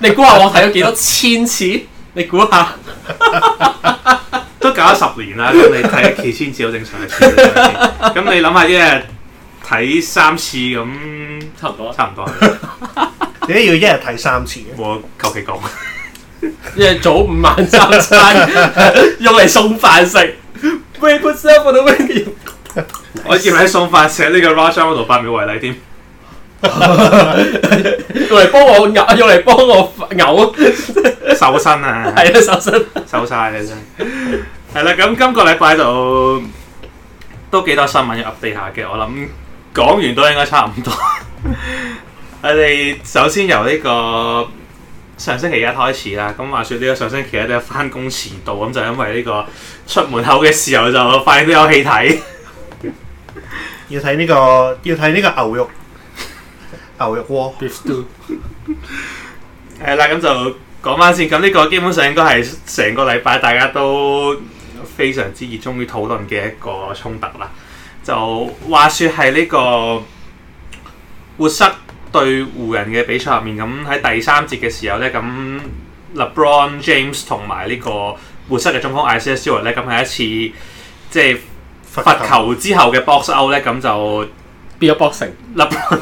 你估下我睇咗幾多千次？你估下， 都搞咗十年啦，咁你睇一幾千次好正常嘅。咁你諗下一日睇三次咁，差唔多，差唔多。點解要一日睇三次？我求其講，一 日早午晚三餐用嚟送飯食。 我以為喺送飯食呢、呢個 r a j 嗰度發秒為禮添。嚟幫我嘔，用嚟幫我嘔瘦身啊！係啦，瘦身瘦晒啦，真係啦。咁今個禮拜就都幾多新聞要入地獄嘅，我諗講完都應該差唔多。我哋首先由呢個上星期一開始啦。咁話說呢個上星期一咧，都係翻工遲到咁，就因為呢個出門口嘅時候就發現都有氣體，要睇呢個，要睇呢個牛肉。牛肉鍋係啦，咁 就講翻先。咁呢個基本上應該係成個禮拜大家都非常之熱衷於討論嘅一個衝突啦。就話說係呢個活塞、er、對湖人嘅比賽入面，咁喺第三節嘅時候呢，咁 LeBron James 同埋呢個活塞嘅中鋒 Isaiah Stewart 咧，咁係一次即係罰球之後嘅 box out 咧，咁就。邊個 boxing？LeBron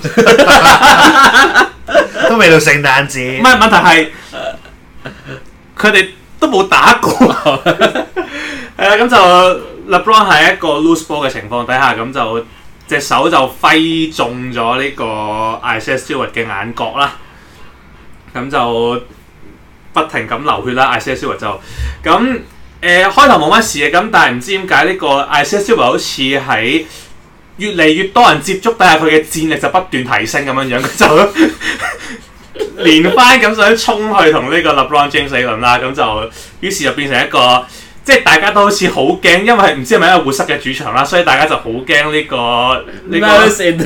都未到聖誕節。唔係問題係，佢哋都冇打過。係啦，咁就 LeBron 喺一個 loose ball 嘅情況底下，咁就隻手就揮中咗呢個 Isaiah Stewart 嘅眼角啦。咁就不停咁流血啦。Isaiah Stewart 就咁，誒開頭冇乜事嘅，咁但係唔知點解呢個 Isaiah Stewart 好似喺。越嚟越多人接觸，但係佢嘅戰力就不斷提升咁樣 樣，佢就連番咁想衝去同呢個 LeBron James 對陣啦，咁就於是就變成一個，即、就、係、是、大家都好似好驚，因為唔知係咪一個活塞嘅主場啦，所以大家就好驚呢個呢個。馬拉斯印， 又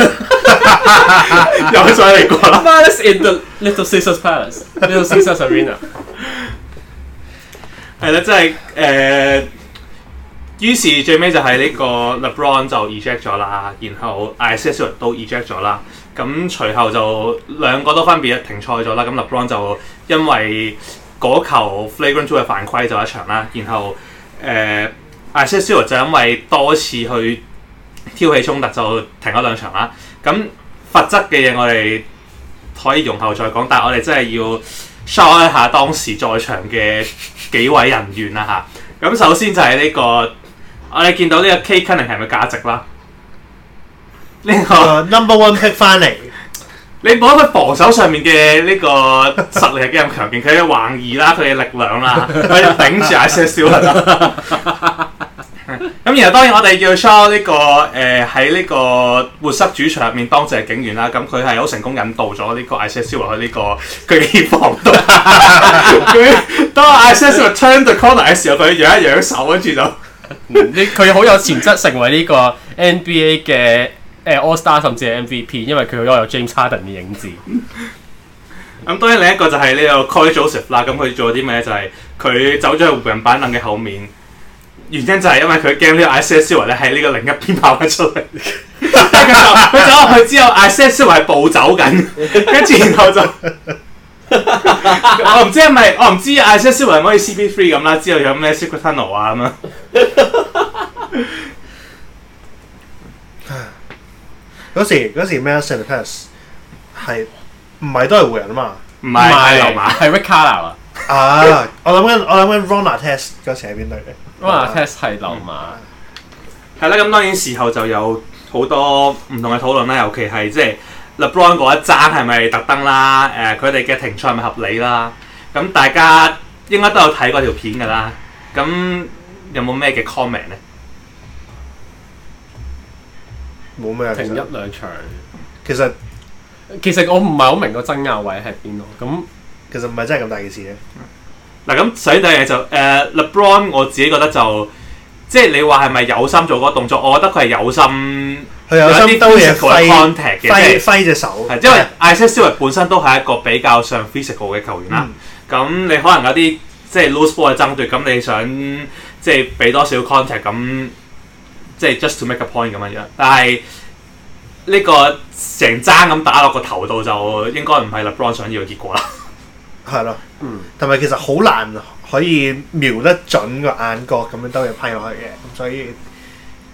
再嚟過啦。馬拉斯印的 Little Caesar Palace，Little Caesar Arena，係啦，即係誒。欸於是最尾就係呢個 LeBron 就 eject 咗啦，然後 Isaiah 都 eject 咗啦。咁隨、e、後就兩個都分別停賽咗啦。咁 LeBron 就因為嗰球 flagrant two 嘅犯規就一場啦。然後誒、呃、Isaiah 就因為多次去挑起衝突就停咗兩場啦。咁罰則嘅嘢我哋可以容後再講，但係我哋真係要 show 一下當時在場嘅幾位人員啦吓，咁首先就係呢、這個。我哋見到呢個 Cade Cunningham 係咪價值啦？呢個 Number One Pick 翻嚟，你講佢防守上面嘅呢個實力係幾咁強勁，佢嘅橫移啦，佢嘅力量啦，佢頂住 Isaiah 啦、 啊。咁然後當然我哋要 show 呢、這個誒喺呢個活塞主場入面當值嘅警員啦，咁佢係好成功引導咗呢個 Isaiah 去呢個鋸防度。當 Isaiah turn the corner 嘅時候，佢揚一揚手，跟住就～ 佢好 有潛質成為呢個 NBA 嘅、呃、All Star 甚至係 MVP，因為佢都有 James Harden 嘅影子。咁 當然另一個就係呢個 c o r y k o w s k i 啦，咁佢做啲咩就係佢走咗去湖人板凳嘅後面，原因就係因為佢驚呢個 Isaac e 維咧喺呢個另一邊 跑唔出嚟。佢走落去之後，Isaac e 維係步走緊，跟住然後就。 我唔知係咪，我唔知阿 Sasori 可以 CP three 咁啦，之後有咩 Secret Tunnel 啊咁啊。嗰時嗰時 Man and Test 係唔係都係湖人啊嘛？唔係，係溜馬，係 Rick Carlisle 啊。啊！我諗緊我諗緊 Ron Artest 嗰時係邊隊嘅？Ron Artest 係溜馬。係啦，咁當然時候就有好多唔同嘅討論啦，尤其係即係。LeBron 嗰一爭係咪特登啦？誒、呃，佢哋嘅停賽係咪合理啦？咁、嗯、大家應該都有睇過條片㗎啦。咁、嗯嗯嗯嗯嗯、有冇咩嘅 comment 咧？冇咩啊？停一兩場，其實其實我唔係好明個爭拗位係邊度。咁其實唔係真係咁大件事咧。嗱咁，實際就誒、呃、LeBron，我自己覺得就即係、就是、你話係咪有心做嗰個動作？我覺得佢係有心。佢有啲兜嘢揮，揮 隻樂飛是手。係，因為艾斯維本身都係一個比較上 physical 嘅球員啦。咁、嗯嗯、你可能有啲即係 lose ball 嘅爭奪，咁你想即係俾多少 contact，咁即係 just to make a point 咁嘅樣。但係呢個成踭咁打落個頭度，就應該唔係勒布朗想要嘅結果啦。係咯的，嗯，同埋其實好難可以瞄得準個眼角咁樣兜嘢批落去嘅，所以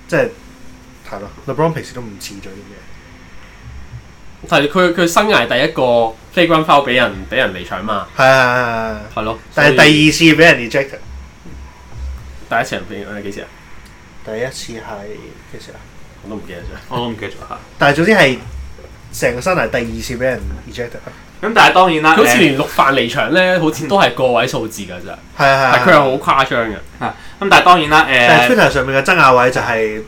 即係。即係咯，LeBron 平 i 都唔似咗啲嘢。係佢佢生涯第一個 l a y g run o d foul 俾人俾人離場嘛。係係係係，係咯。但係第二次俾人 e j e c t 第一次係幾時啊？我都唔記得咗。我唔記得咗嚇。但係總之係成個生涯第二次俾人 e j e c t 咁但係當然啦，好似連六犯離場咧，好似都係個位數字㗎咋。係啊係啊，佢係好誇張嘅。係。咁但係當然啦，誒，Twitter 上面嘅曾亞偉就係。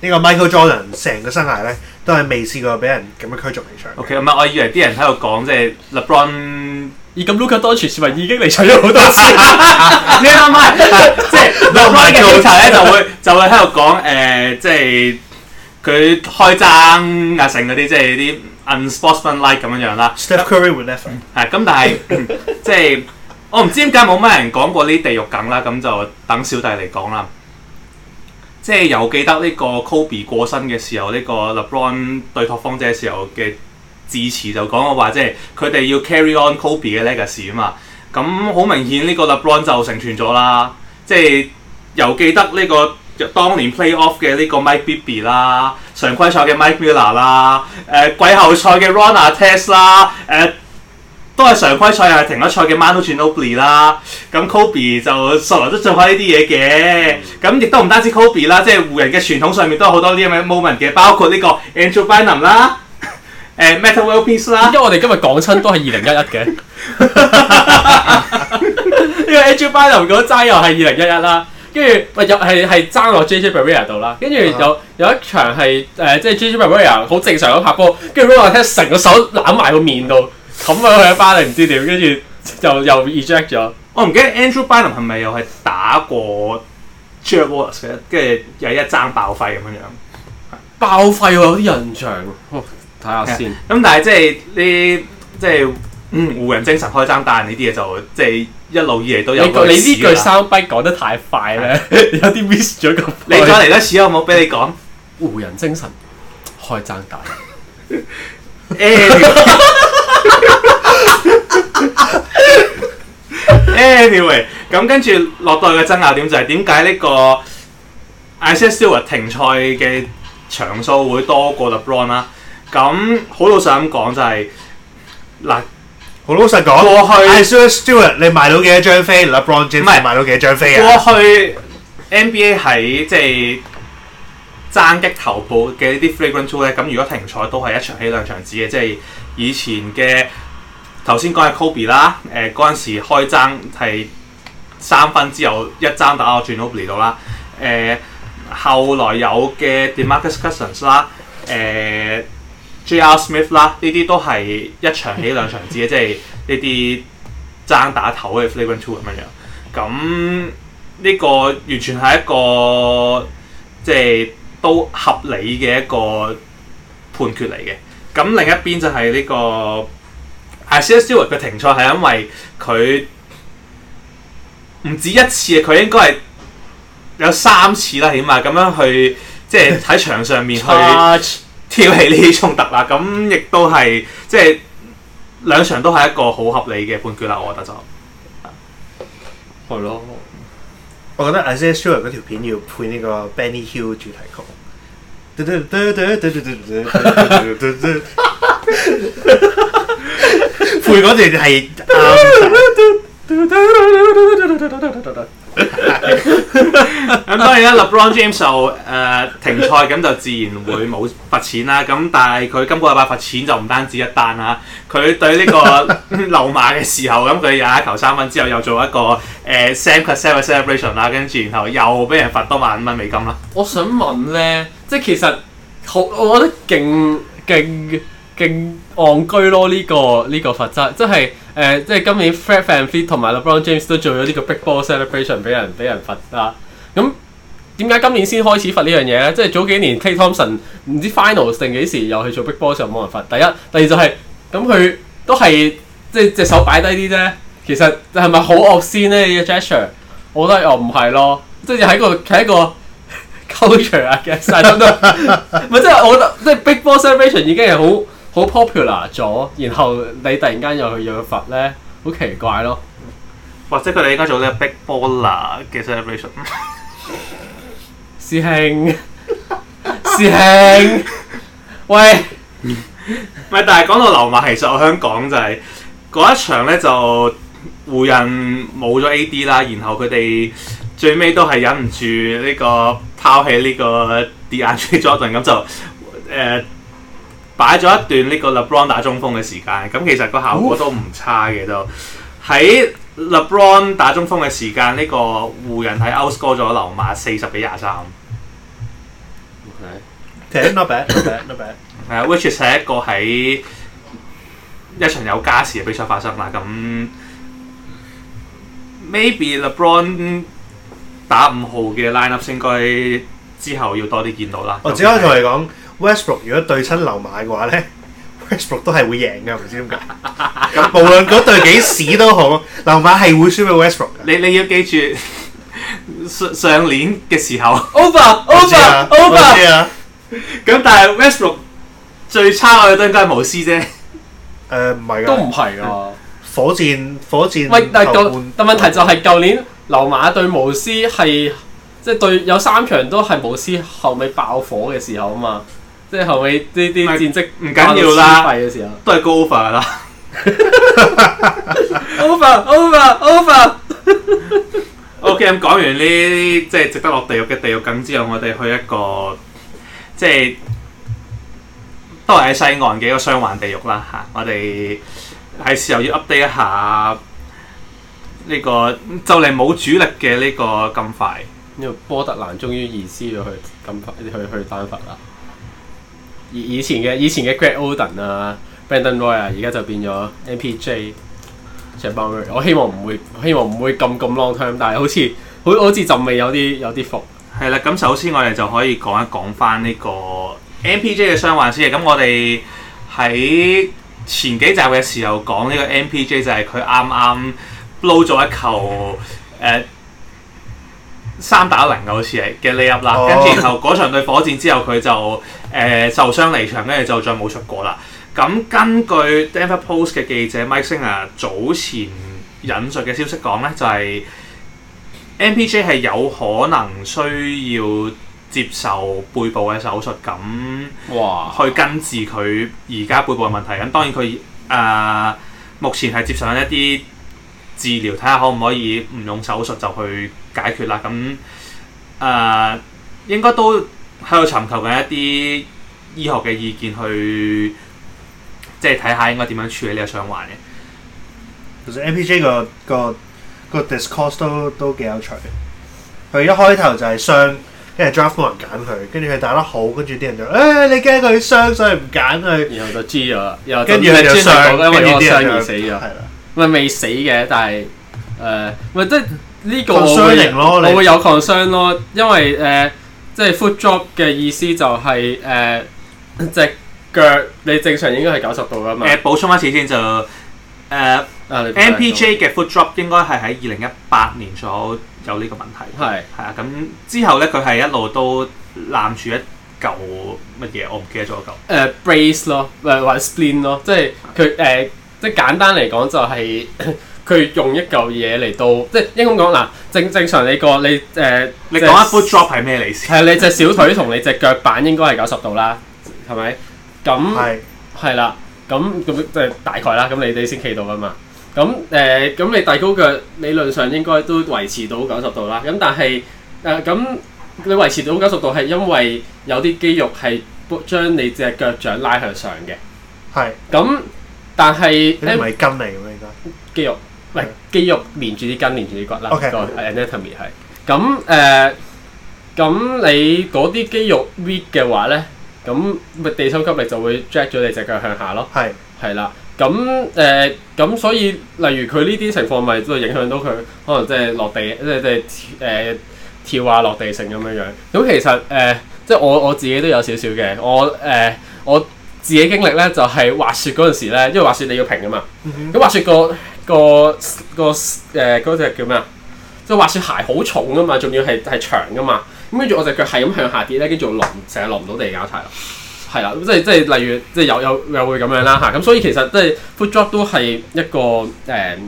呢個 Michael Jordan 成個生涯咧都係未試過俾人咁樣驅逐離場。OK，唔係，我以為啲人喺度講即係 LeBron，咁 l u o n c i 咪已經離場咗好多次？你啱啱？即係 LeBron 嘅記咧就會就會喺度講誒，即係佢開爭阿成嗰啲，即係啲 unsportsmanlike 咁樣樣啦。s t e p Curry 會咁，但係即係我唔知點解冇乜人講過呢地獄梗啦，咁就等小弟嚟講啦。即係又記得呢個 Kobe 過身嘅時候，呢、這個 LeBron 對拓荒者時候嘅致辭就講話話，即係佢哋要 carry on Kobe 嘅 legacy 啊嘛。咁、嗯、好明顯，呢個 LeBron 就成全咗啦。即係又記得呢、這個當年 Playoff 嘅呢個 Mike Bibby 啦，常規賽嘅 Mike Miller 啦，誒、呃、季後賽嘅 Ron Artest 啦，誒、呃。都係常規賽又係停咗賽嘅 man 都傳 Oakley 啦。咁 Kobe 就索羅都做開呢啲嘢嘅。咁亦都唔單止 Kobe 啦，即係湖人嘅傳統上面都有好多啲咁嘅 moment 嘅，包括呢個 Andrew Bynum 啦，誒 Metta World Peace 啦。Peace, 啊、因為我哋今日講親都係二零一一嘅。呢個 Andrew Bynum 嗰齋又係二零一一啦，跟住喂又係係爭落 JJ Barea 度啦，跟住有有一場係誒即係 JJ Barea 好正常咁拍波，跟住 look 下聽成個手攬埋個面度。咁啊，佢去巴黎唔知點，跟住就又 reject 咗。我唔記得 Andrew Bynum 係咪又係打過 Jared Wallace 嘅，跟住又一爭爆肺咁樣。爆肺喎，有啲印象睇下先。咁、嗯、但係即係啲即係嗯湖人精神開爭大呢啲嘢就即係、就是、一路以嚟都有你個。你呢句 soundbite 講得太快咧，的 有啲 miss 咗咁。你再嚟多次好冇？俾你講湖人精神開爭大。誒。Anyway, 咁跟住落到去嘅爭拗點就係點解呢個 Isaiah Stewart 停賽嘅場數會多過 LeBron、啊就是、啦？咁好老實咁講就係嗱，好老實講，過去 Isaiah se Stewart, Stewart 你買到幾多張飛？LeBron 唔係買到幾多張飛啊？過去 NBA 喺即係、就是、爭擊頭部嘅呢啲 flagrant two 咧，咁如果停賽都係一場起兩場止嘅，即、就、係、是、以前嘅。頭先講係 Kobe 啦，誒嗰陣時開爭係三分之後一爭打到轉到 Ginobili 度啦，誒、呃、後來有嘅 DeMarcus Cousins 啦、呃，誒 JR Smith 啦，呢啲都係一場起兩場止嘅，即係呢啲爭打頭嘅 Flagrant 2咁樣。咁、嗯、呢、這個完全係一個即係都合理嘅一個判決嚟嘅。咁、嗯、另一邊就係呢、這個。Isaiah Stewart 佢停賽係因為佢唔止一次，佢應該係有三次啦，起碼咁樣去即係喺場上面去挑起呢啲衝突啦。咁亦都係即係兩場都係一個好合理嘅判決啦。我覺得就係咯，我覺得 Isaiah Stewart 嗰條片要配呢個 Benny Hill 主題曲。 背嗰 段係啱咁，當然啦。LeBron James 就誒、uh, 停賽，咁就自然會冇罰錢啦。咁但係佢今個禮拜罰錢就唔單止一單啦。佢對呢個溜馬嘅時候，咁佢入一球三分之後，又做一個誒、uh, Sam Cassell 嘅 celebration 啦，跟住然後又俾人罰多萬五蚊美金啦。我想問咧，即係其實好，我覺得勁勁。勁勁戇居咯呢、這個呢、這個罰則、呃，即係誒，即係今年 Fred v a n v l t 同埋 LeBron James 都做咗呢個壁波 celebration 俾人俾人罰啦。咁點解今年先開始罰呢樣嘢咧？即係早幾年 K. Thompson 唔知 final 定幾時又去做 Big 壁 o 嘅時，就冇人罰。第一，第二就係咁，佢都係即係隻手擺低啲啫。其實係咪好惡先咧？是是呢、這個 gesture，我覺得我唔係咯。即係喺個喺個 culture guess, 啊嘅曬都唔係，即係我覺得即 o 壁波 celebration 已經係好。好 popular 咗，然後你突然間又去養佛咧，好奇怪咯。或者佢哋應該做啲 big baller、e、嘅 celebration。 師兄，師兄， 喂，咪 但係講到流馬，其實我想講就係、是、嗰一場咧，就湖人冇咗 AD 啦，然後佢哋最尾都係忍唔住呢、這個拋棄呢個 DeAndre Jordan 咁就誒。呃擺咗一段呢個 LeBron 打中鋒嘅時間，咁其實個效果都唔差嘅，都喺、呃、LeBron 打中鋒嘅時間，呢、呢個湖人喺 outscore 咗流馬四十比廿三。23, okay, ten, Okay. not bad, not bad, not bad。係啊，which is 一個喺一場有加時嘅比賽發生啦。咁 maybe LeBron 打五號嘅 lineup 應該之後要多啲見到啦。我只可以同你講。Westbrook、ok、如果對親流馬嘅話咧，Westbrook、ok、都係會贏嘅，唔知點解。 那無論嗰對幾屎都好，流 馬係會輸俾 Westbrook、ok、嘅。你你要記住上，上年嘅時候 over over over 咁，但係 Westbrook、ok、最差嘅都應該係巫師啫。誒唔係噶，都唔係啊！火箭火箭喂，但係舊但問題就係舊年流馬對巫師係即係對有三場都係巫師後尾爆火嘅時候啊嘛。即係後尾呢啲戰績唔緊要啦，都係 over 啦。over over over。OK，咁講完呢即係值得落地獄嘅地獄梗之後，我哋去一個即係都係喺西岸嘅一個傷患地獄啦吓。我哋係時候要 update 一下呢個就嚟冇主力嘅呢個金塊，因為波特蘭終於移師咗去金塊，去去丹佛啦。以前嘅以前嘅 Greg Oden 啊，Brandon Roy 啊，而家就變咗 MPJ，傷患。我希望唔會，希望唔會咁咁 long term 但係好似好好似就未有啲有啲伏係啦。咁首先我哋就可以講一講翻呢個 MPJ 嘅傷患先。咁我哋喺前幾集嘅時候講呢個 MPJ 就係佢啱啱撈咗一球誒。呃三打零啊，好似係嘅利入啦，跟住、oh. 然後嗰場對火箭之後佢就誒、呃、受傷離場，跟住就再冇出過啦。咁、嗯、根據 Denver Post 嘅記者 Mike Singer 早前引述嘅消息講呢就係、是、MPJ 係有可能需要接受背部嘅手術，咁 Wow. 去根治佢而家背部嘅問題。咁當然佢誒、呃、目前係接受一啲治療，睇下可唔可以唔用手術就去解決啦，咁誒、呃、應該都喺度尋求緊一啲醫學嘅意見去，去即係睇下應該點樣處理呢個傷患嘅。其實 MPJ 個個個 discourse 都都幾有趣。佢一開頭就係傷，跟住 Draft 人揀佢，跟住佢打得好，跟住啲人就誒、哎、你驚佢傷，所以唔揀佢。然後就知咗，然後跟住佢就傷，因為個傷而死咗。係啦，咪未死嘅，但係誒咪即。呃 呢個我會，你我會有 concern 咯，因為誒，即、呃、係、就是、foot drop 嘅意思就係、是、誒、呃、隻腳你正常應該係九十度噶嘛。誒、呃，補充一次先就誒，MPJ 嘅 foot drop 應該係喺二零一八年左右有呢個問題。係係是啊，咁之後咧佢係一路都攬住一嚿乜嘢，我唔記得咗嚿。誒、呃、brace 咯，誒、呃、或者 spleen 咯，即係佢誒，即係簡單嚟講就係、是。 佢用一嚿嘢嚟到，即係應該講嗱，正正常你個你誒，你講、呃、下 foot drop 係咩嚟先？係你隻小腿同你隻腳板應該係九十度啦，係咪？咁係係啦，咁咁即係大概啦。咁你哋先企到噶嘛？咁誒，咁、呃、你遞高腳理論上應該都維持到九十度啦。咁但係誒，咁、呃、你維持到九十度係因為有啲肌肉係將你隻腳掌拉向上嘅。係咁是，但係你唔係筋嚟嘅咩？應該肌肉。喂，肌肉連住啲筋連連住啲骨啦。OK，個 anatomy 係咁誒，咁你嗰啲肌肉 weak 嘅話咧，咁咪地心吸力就會 jack 咗你隻腳向下咯。係係啦，咁誒咁所以，例如佢呢啲情況咪都會影響到佢，可能即係落地，即係即係誒跳啊落地性咁樣樣。咁其實誒、呃，即係我我自己都有少少嘅。我誒、呃、我自己經歷咧，就係、是、滑雪嗰陣時咧，因為滑雪你要平啊嘛。咁、嗯、哼滑雪個。個、個誒嗰隻叫咩啊？即係滑雪鞋好重啊嘛，仲要係係長㗎嘛。咁跟住我隻腳係咁向下跌咧，跟住就成日落唔到地搞錯啦。係啦，即係即係例如，即係有有又會咁樣啦嚇。咁、啊、所以其實即係 foot drop 都係一個誒、呃、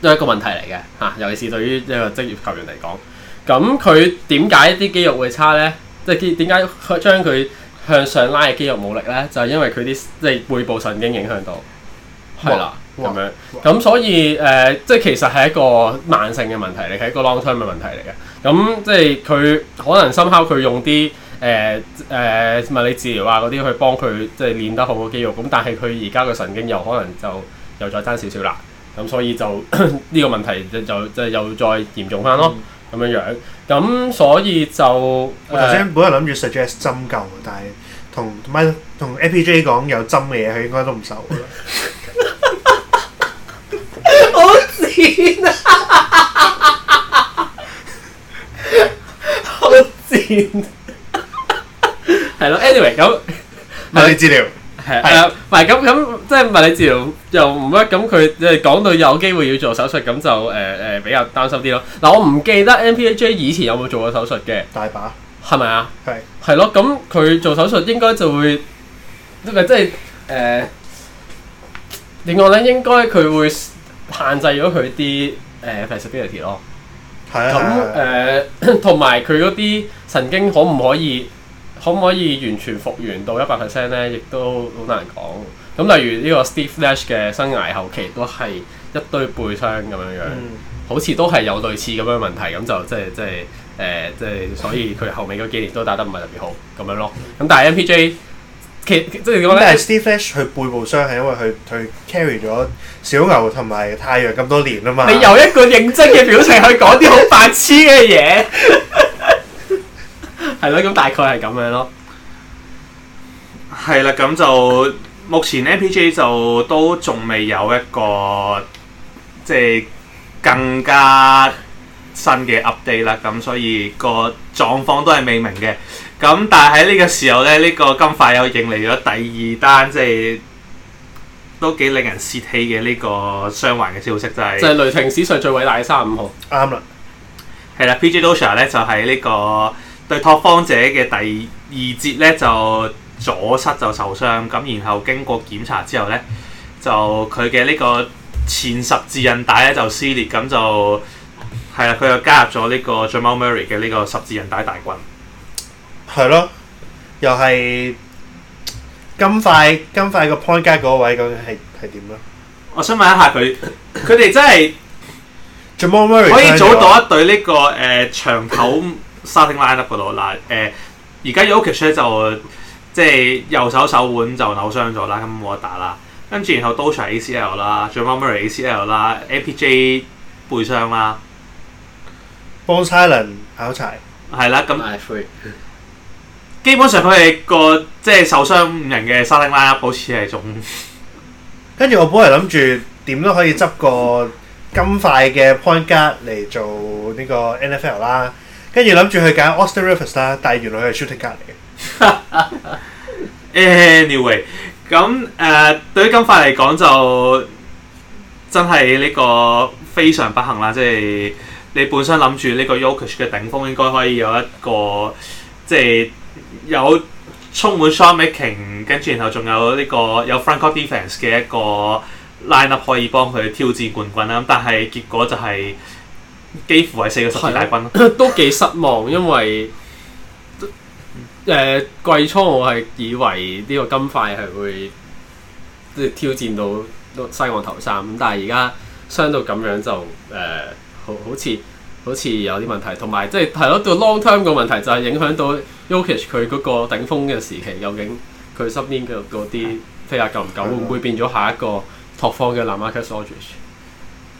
都係一個問題嚟嘅嚇。尤其是對於一個職業球員嚟講，咁佢點解啲肌肉會差咧？即係點解將佢向上拉嘅肌肉冇力咧？就係、是、因為佢啲即係背部神經影響到。係啦，咁樣咁哇所以誒，即、呃、係其實係一個慢性嘅問題嚟，係一個 long term 嘅問題嚟嘅。咁即係佢可能 somehow，佢用啲誒誒物理治療啊嗰啲去幫佢即係練得好嘅肌肉，咁但係佢而家個神經又可能就又再爭少少啦。咁所以就呢 個問題就就就又再嚴重翻咯，咁樣、嗯、樣。咁所以就我頭先本來諗住 suggest 針灸，但係同同同 MPJ 講有針嘅嘢，佢應該都唔受 係咯 ，anyway 咁物理治療係啊，唔係咁咁，即係物理治療又唔乜。咁。佢誒講到有機會要做手術咁，就誒誒、呃呃、比較擔心啲咯。嗱，我唔記得 MPJ 以前有冇做過手術嘅，大把係咪啊？係係咯，咁佢的的做手術應該就會即係誒？另外咧，應該佢會限制咗佢啲誒 feasibility 咯。呃呃咁誒，同埋佢嗰啲神經可唔可以，可唔可以完全復原到一百 percent 咧？亦都好難講。咁例如呢個 Steve Nash 嘅生涯後期都係一堆背傷咁樣樣，嗯、好似都係有類似咁樣問題，咁就即係即係誒，即係所以佢後尾嗰幾年都打得唔係特別好咁樣咯。咁但係 MPJ。即係 Steve Nash，佢背部傷係因為佢佢 carry 咗小牛同埋太陽咁多年啊嘛。你由一個認真嘅表情去講啲好白痴嘅嘢，係咯，咁大概係咁樣咯。係啦，咁就目前 MPJ 就都仲未有一個即係更加新嘅 update 啦，咁所以個狀況都係未明嘅。咁但係喺呢個時候咧，呢個金塊又迎嚟咗第二單，即係都幾令人泄氣嘅呢個傷患嘅消息，就係就係雷霆史上最偉大嘅三十五號。啱啦，係啦，P. J. Dozier 咧就喺呢個對拓荒者嘅第二節咧就左膝就受傷，咁然後經過檢查之後咧就佢嘅呢個前十字韌帶咧就撕裂，咁就係啦，佢又加入咗呢個 Jamal Murray 嘅呢個十字韌帶大軍。係咯，又係金塊，金塊個 point guard 嗰位咁係係點咧？我想問一下佢，佢哋真係可以組到一隊呢、這個誒、呃、長頭 starting line up 嗰度嗱誒，而家 Jokic 咧就即係右手手腕就扭傷咗啦，咁冇得打啦，跟住然後 Dozier ACL 啦，Jamal Murray ACL 啦，APJ 背傷啦，Bones Hyland 考柴係啦，咁。I 基本上佢係個即係受傷人嘅沙丁啦，好似係種。跟住我本嚟諗住點都可以執個金塊嘅 point guard 嚟做呢個 N F L 啦，跟住諗住去揀 Austin Rivers 啦，但係原來佢係 shooting guard 嚟嘅。 anyway，咁誒、呃、對於金塊嚟講就真係呢個非常不幸啦，即係你本身諗住呢個 Jokic 嘅頂峰應該可以有一個即係。有充滿 shotmaking，跟住然後仲有呢個有 frontcourt defense 嘅一個 lineup 可以幫佢挑戰冠軍啦，但係結果就係幾乎係四個世界軍咯，都幾失望，因為誒、呃、季初我係以為呢個金塊係會即係挑戰到西岸頭三咁，但係而家傷到咁樣就誒、呃、好好似。好似有啲問題，同埋即係係咯，到 long term 個問題就係影響到 Jokic 佢嗰個頂峯嘅時期，究竟佢身邊嘅嗰啲飛壓夠唔夠，會唔會變咗下一個拓荒嘅 LaMarcus Aldridge，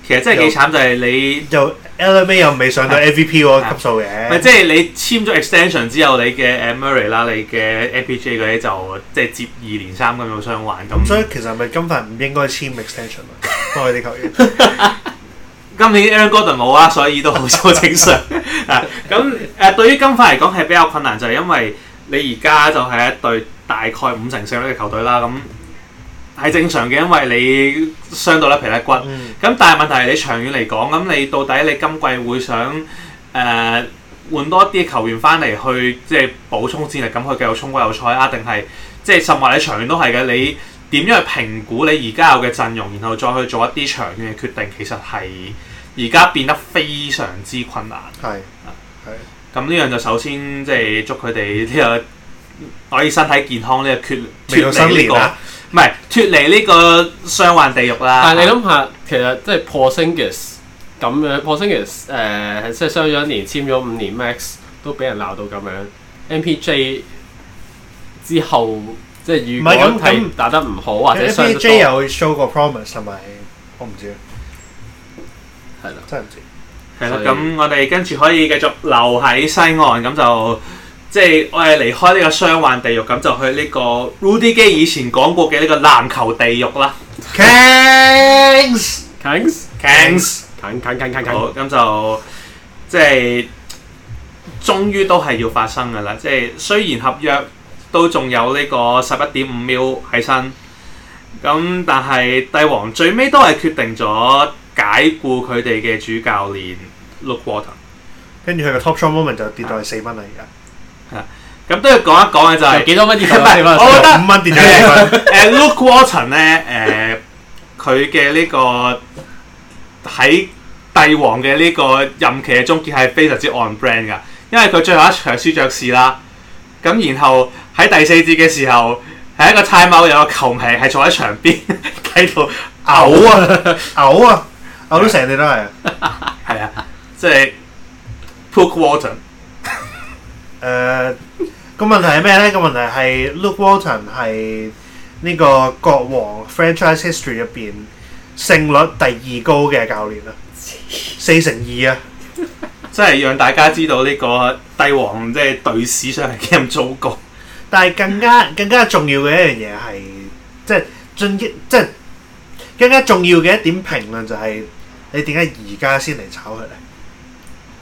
其實真係幾慘就，就係你又 LMA 又未上到 MVP 喎級數嘅。唔係即係你簽咗 extension 之後，你嘅誒 Murray 啦，你嘅 MPJ 嗰啲就即係接二連三咁樣傷患。咁所以其實咪金塊唔應該簽 extension 啊，幫佢哋球員。今年 Eric Gordon 冇啊，所以都好正常啊。咁誒，對於金花嚟講係比較困難，就係因為你而家就係一隊大概五成勝率嘅球隊啦。咁係正常嘅，因為你傷到甩皮甩骨。咁但係問題係你長遠嚟講，咁你到底你今季會想誒換多啲球員翻嚟去，即係補充戰力，咁去繼續衝季後賽啊？定係即係，甚或你長遠都係嘅。你點樣去評估你而家有嘅陣容，然後再去做一啲長遠嘅決定？其實係。而家變得非常之困難。係，係。咁呢、啊、樣就首先即係祝佢哋呢個可以身體健康，呢個脱脱離呢、這個，唔係脱離呢個傷患地獄啦。但係是、啊、你諗下，其實即係 Porzingis 咁樣，Porzingis 誒即係傷咗一年，簽咗五年 max 都俾人鬧到咁樣。MPJ 之後即係預，唔、就、係、是是嗯、打得唔好或者 MPJ 有會 show 個 promise 同埋，我唔知。係啦，真唔係啦，咁以我哋跟住可以繼續留喺西岸，咁就即係我哋離開呢個傷患地獄，咁就去呢個 Rudy Gay 以前講過嘅呢個籃球地獄啦。Kings, Kings, Kings, K, K, K, K, K. 好，咁就即係終於都係要發生噶啦。即係雖然合約都仲有呢個十一點五秒喺身，咁但係帝王最尾都係決定咗。解僱佢哋嘅主教練 Luke Walton，跟住佢嘅 Top Shot Moment 就跌到去四蚊啦，而家、啊。係咁都要講一講嘅就係、是、幾多蚊跌？唔係不，我覺得五蚊跌咗一蚊。誒 Luke Walton 咧，誒佢嘅呢、呃這個喺帝王嘅呢個任期嘅終結係非常之 on brand 㗎，因為佢最後一場輸爵士啦。咁然後喺第四節嘅時候，係一個 time out 有個球迷係坐喺場邊，喺 度嘔啊 嘔啊！我、哦、都成日都係，係 啊，即係 Luke Walton。誒，個問題係咩咧？個問題係 Luke Walton 係呢個國王 franchise history 入邊勝率第二高嘅教練啊，四成二啊！即係讓大家知道呢個帝王，即係隊史上係幾咁糟糕。 但係更加更加重要嘅一樣嘢係，即係進擊，即、就、係、是就是就是就是、更加重要嘅一點評論就係、是。你點解而家先嚟炒佢咧？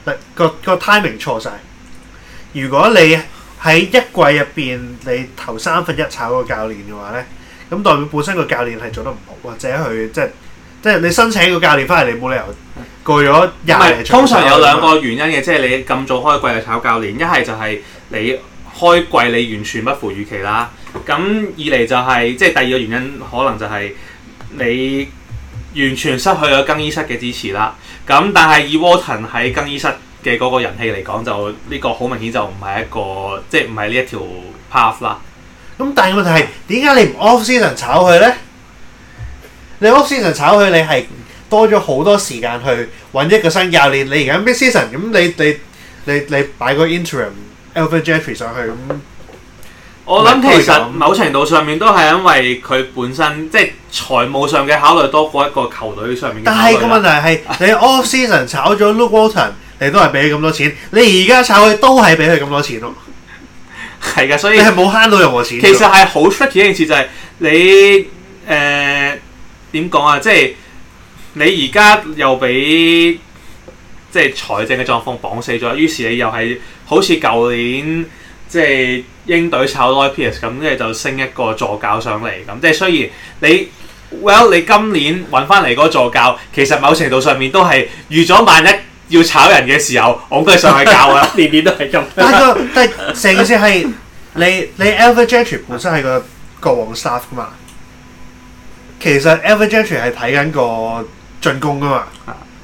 嗱、個、個、timing 錯晒。如果你喺一季入邊你頭三分一炒個教練嘅話咧，咁代表本身個教練係做得唔好，或者佢即係即係你申請個教練翻嚟，你冇理由攰咗廿年。唔係，通常有兩個原因嘅，即係你咁早開季去炒教練，一係就係你開季你完全不符預期啦。咁二嚟就係、是、即係第二個原因，可能就係你。完全失去咗更衣室嘅支持啦，咁但係以 Walton 喺更衣室嘅嗰個人氣嚟講，就呢、這個好明顯就唔係一個，即係唔係呢一條 path 啦。咁但係問題係點解你唔 off season 炒佢咧？你 off season 炒佢，你係多咗好多時間去揾一個新教練。你而家 miss season，咁你你你你擺個 interim Alvin Jeffrey 上去咁。我諗其實某程度上面都係因為佢本身即係財務上嘅考慮多過一個球隊上面嘅考慮。但係個問題係你 offseason 炒咗 Luke Walton 你都係俾咁多錢，你而家炒佢都係俾佢咁多錢咯。係噶，所以你係冇慳到任何錢。其實係好出奇一件事就係你誒，點講啊，即係你而家又俾即係財政嘅狀況綁死咗，於是你又係好似舊年。即係鷹隊炒 Lloyd Pierce 咁，跟住就升一個助教上嚟咁。即係雖然你 Well 你今年揾翻嚟嗰個助教，其實某程度上面都係預咗萬一要炒人嘅時候，我梗係上去教啦，年年 都係咁。但係個但係成件事係你你 Alvin Gentry 本身係個國王 staff 噶嘛？其實 Alvin Gentry 係睇緊個進攻噶嘛？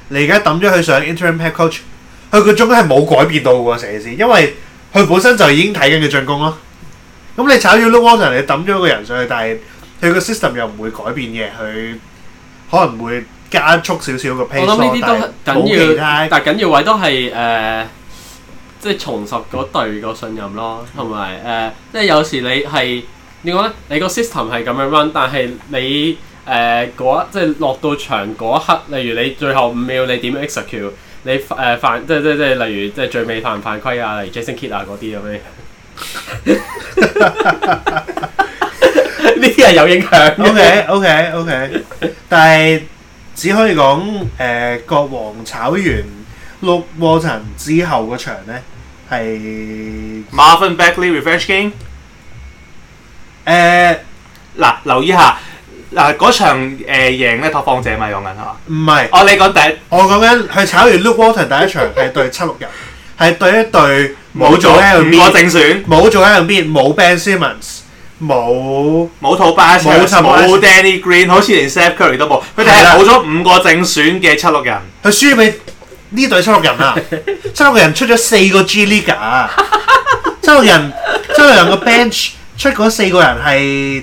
你而家揼咗佢上 interim head coach，佢佢進攻係冇改變到喎成件事，因為。佢本身就已經睇緊佢進攻咯。咁你炒咗 Luke Walton 你揼咗個人上去，但係佢個 system 又唔會改變嘅。佢可能會加速少少個 pace。我諗呢啲都緊要，但係緊要位都係誒，即、呃、係、就是、重拾嗰隊個信任咯。同埋誒，即、呃、係、就是、有時你係點講咧？你個 system 係咁樣 run，但係你誒一，即、呃、係、就是、落到場嗰一刻，例如你最後五秒你點 execute？你誒、呃、犯即係即係即係，例如即係最尾犯唔犯規啊，例如 Jason Kidd 啊嗰啲咁樣。呢啲係有影響。O K O K O K，但係只可以講誒、呃，國王炒完 Luke Walton 之後嗰場咧係。Marvin Bagley refresh game、呃。誒，嗱，留意下。嗱，嗰場誒贏咧拓荒者，咪講緊係嘛？唔係，我你講第我講緊係炒完 Luke Walton 第一場係對七六人，係對一隊冇做五個正選，冇做 Allen Bean，冇 Ben Simmons，冇冇土巴，冇冇 Danny Green，好似連 Seth Curry 都冇，佢哋係冇咗五個正選嘅七六人，佢輸俾呢隊七六人啊！七六人出咗四個 G League 啊！七六人七六人個 bench 出嗰四個人係。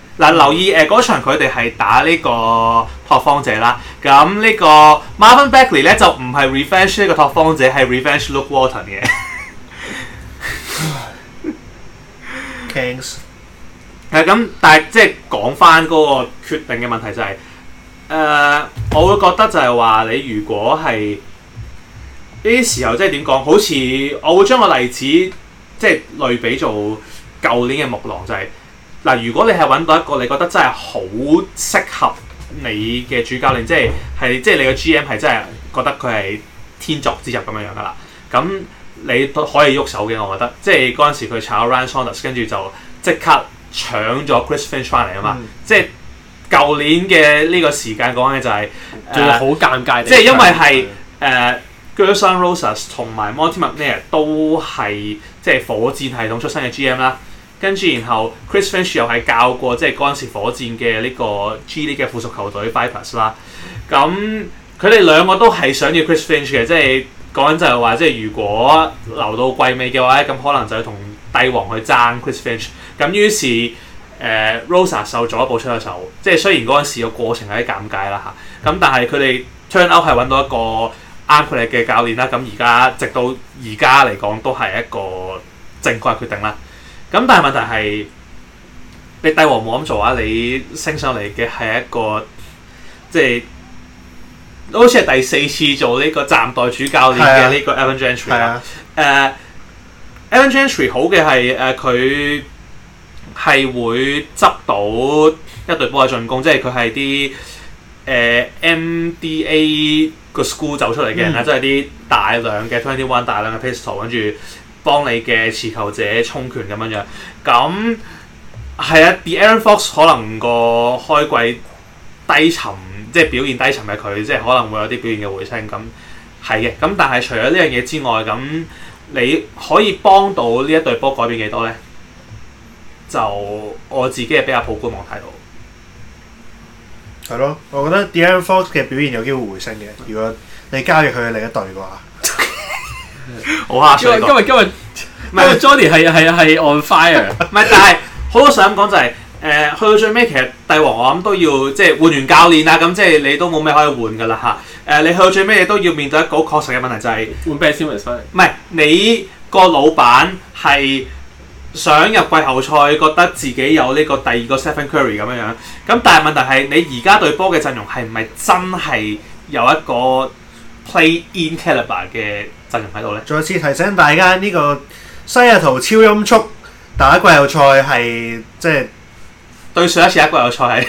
嗱，留意誒嗰場佢哋係打呢個拓荒者啦。咁呢個 Marvin Beckley 咧就唔係 Revenge 呢個拓荒者，係 Revenge Luke Walton 嘅。Kings 係咁，但係即係講翻嗰個決定嘅問題就係、是、誒、呃，我會覺得就係話你如果係呢啲時候，即係點講？好似我會將個例子即係類比做舊年嘅木狼，就係、是。嗱，如果你係揾到一個你覺得真係好適合你嘅主教練、嗯，即係係即係你嘅 G M 係真係覺得佢係天作之合咁樣樣噶啦，咁你都可以喐手嘅，我覺得。即係嗰陣時佢炒 Ryan Saunders 跟住就即刻搶咗 Chris Finch 翻嚟啊嘛！嗯、即係舊年嘅呢個時間講嘅就係好尷尬，即的、呃，即係因為係誒 Gersson Rosas 同埋 Monte McNair 都係即係火箭系統出身嘅 G M 啦。跟住然後，Chris Finch 又係教過即係嗰陣時火箭嘅呢個 G 力嘅附屬球隊 Vipers 啦。咁佢哋兩個都係想要 Chris Finch 嘅，即係講緊就係話，即係如果留到季尾嘅話咧，咁可能就同帝王去爭 Chris Finch。咁、嗯、於是誒、呃、Rosa 受咗一步出嘅手，即係雖然嗰陣時個過程有啲尷尬啦吓，咁、嗯、但係佢哋 Turnout 係揾到一個啱佢哋嘅教練啦。咁而家直到而家嚟講都係一個正確嘅決定啦。咁但係問題係，你帝王冇咁做啊！你升上嚟嘅係一個，即係好似係第四次做呢個暫代主教練嘅呢個 Alvin Gentry 啊，誒 Alvin Gentry 好嘅係，誒佢係會執到一隊波嘅進攻，即係佢係啲誒 MDA 個 school 走出嚟嘅人啦，即係啲大量嘅 Twenty One、21大量嘅 Pistol 跟住。幫你嘅持球者衝拳咁樣樣，咁係啊，De'Aaron Fox 可能個開季低沉，即係表現低沉嘅佢，即係可能會有啲表現嘅回升。咁係嘅，咁但係除咗呢樣嘢之外，咁你可以幫到呢一隊波改變幾多咧？就我自己係比較抱觀望態度。係咯，我覺得 De'Aaron Fox 嘅表現有機會回升嘅。如果你加入佢嘅另一隊嘅話，我阿叔今日今日唔係，Jody 係係係 on fire。 唔係，但係好多想候咁講就係、是，誒、呃，去到最尾其實帝王我諗都要即係換完教練啦，咁即係你都冇咩可以換噶啦吓。誒，你去到最尾你都要面對一個確實嘅問題就係換 Ben Simmons 唔係，你個老闆係想入季後賽，覺得自己有呢個第二個 Stephen Curry 咁樣樣。咁但係問題係，你而家隊波嘅陣容係唔係真係有一個 play in caliber 嘅？陣容喺度咧，再次提醒大家呢、這個西雅圖超音速打季後賽係即係對上一次打季後賽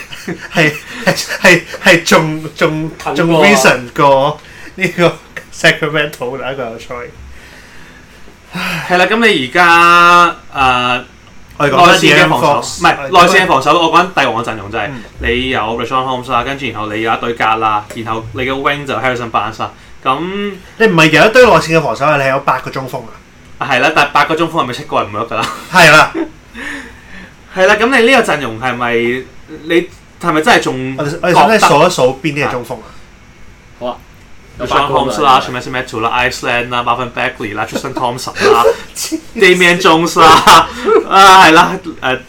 係係係係仲仲仲 recent 過呢個 Sacramento 嘅季後賽。係啦，咁你而家誒內線嘅防守唔係內線嘅防守，我講帝王嘅陣容就係、是嗯、你有 Richaun Holmes 跟住然後你有一對格啦，然後你嘅 wing 就 Harrison Barnes。咁、嗯、你唔係有一堆內線嘅防守啊？你有八個中鋒啊？係啦，但係八個中鋒係咪七個人唔喐噶啦？係啦是、啊 啊，係、嗯、啦。咁你呢個陣容係咪你係咪真係仲？我哋數一數邊啲係中鋒啊？ 好啊，有八個啦 Thomas Mitchell 啦，Iceland 啦 Marvin Bagley 啦，Tristan Thompson 啦，Damian Jones 啦，啊係啦，誒、嗯、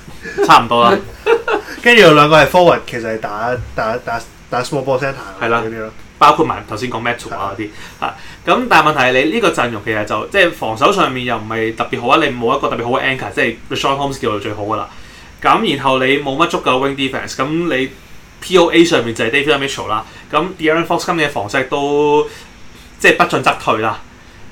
差唔多啦。跟住有兩個係 Forward，其實係打打打打 Small Ball Center 係啦，咁咯。包括埋頭先講 Metal 啊嗰啲嚇，咁但係問題係你呢個陣容其實就即係防守上面又唔係特別好，特別好, or, 好啊, defense, 啊，你冇一個特別好嘅 Anchor，即 r e Sean t h o m e s 叫 n 最好噶啦。咁然後你冇乜足夠 wing d e f e n s e 咁你 POA 上面就係 d、啊啊、a v i n Mitchell 啦。咁 Devin Fox 今年嘅防線都即係不進則退啦。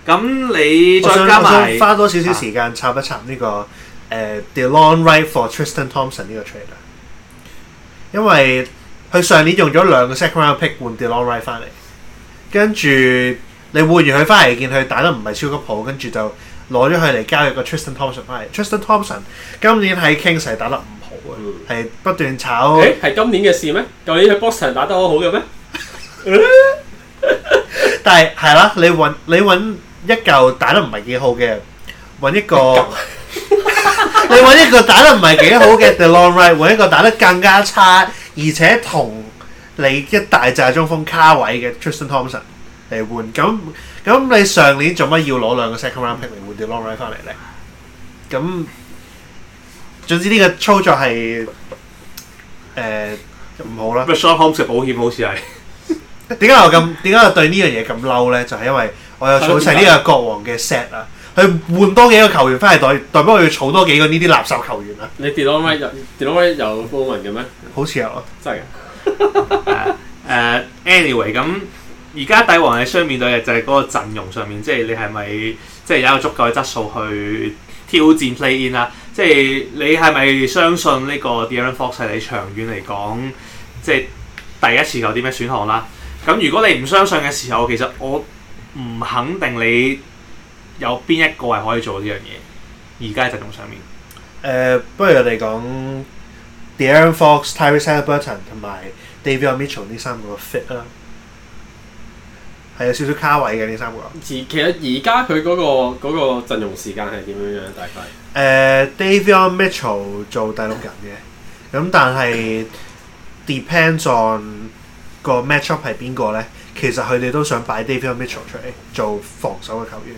咁、啊、你再加埋花多少少時間拆一拆呢、這個誒 Deion w r i g h for Tristan Thompson 呢個 trade 啊，uh, Tr trad er, 因為。佢上年用咗兩個 second round pick 換 Delon Wright 翻嚟，跟住你換完佢翻嚟，見佢打得唔係超級好，跟住就攞咗佢嚟交易個 Tristan Thompson 翻嚟。Tristan Thompson 今年喺 Kings 係打得唔好嘅，係不斷炒。咦？係今年嘅事咩？舊年喺 Boston 打得好好嘅咩？但係係啦，你揾你揾一嚿打得唔係幾好嘅，揾一個你揾一個打得唔係幾好嘅 Delon Wright，揾一個打得更加差。而且同你一大紮中鋒卡位嘅 Tristan Thompson 嚟換，咁咁你上年做乜要攞兩個 second round pick 嚟換掉 Delon Wright 翻嚟咧？咁總之呢個操作係誒唔好啦。咪 short term 嘅保險好似係。點 解我咁點解我對呢樣嘢咁嬲咧？就係、是、因為我有儲齊呢個國王嘅 set 啊。去換多幾個球員翻嚟代代表，佢要儲多幾個呢啲垃圾球員啊！你跌落米有跌落米有科文嘅咩？好似有啊真係！真係啊！誒，anyway，咁而家帝王係需要面對嘅就係嗰個陣容上面，即係你係咪即係有一個足夠嘅質素去挑戰 play in 啊？即係你係咪相信呢個 De'Aaron Fox 係你長遠嚟講，即係第一次有啲咩選項啦？咁如果你唔相信嘅時候，其實我唔肯定你。有邊一個係可以做呢樣嘢？而家喺陣容上面，誒、呃，不如我哋講 De'Aaron Fox、Tyrese Haliburton 同埋 Davion Mitchell 呢三個 fit 啦、啊，係有少少卡位嘅呢三個。其實而家佢嗰個嗰、那個、陣容時間係點樣樣？大概誒 Davion Mitchell 做第六人嘅，咁、嗯、但係 depends on 個 matchup 係邊個咧？其實佢哋都想擺 Davion Mitchell 出嚟做防守嘅球員。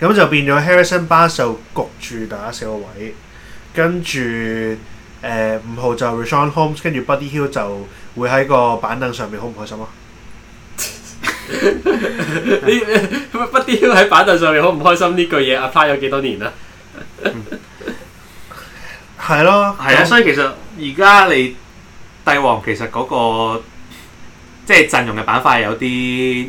咁就變咗 Harrison Barnes，就焗住打四個位，跟住誒五號就 Richaun Holmes 跟住 Buddy Hield 就會喺個板凳上面好唔開，開心咯、啊。 你 Buddy Hield 喺板凳上面好唔開，開心、這個、apply 呢句嘢，阿派咗幾多年啦？係咯，係啊， 所以其實而家你帝王，其實嗰、那個即係陣容嘅板塊有啲，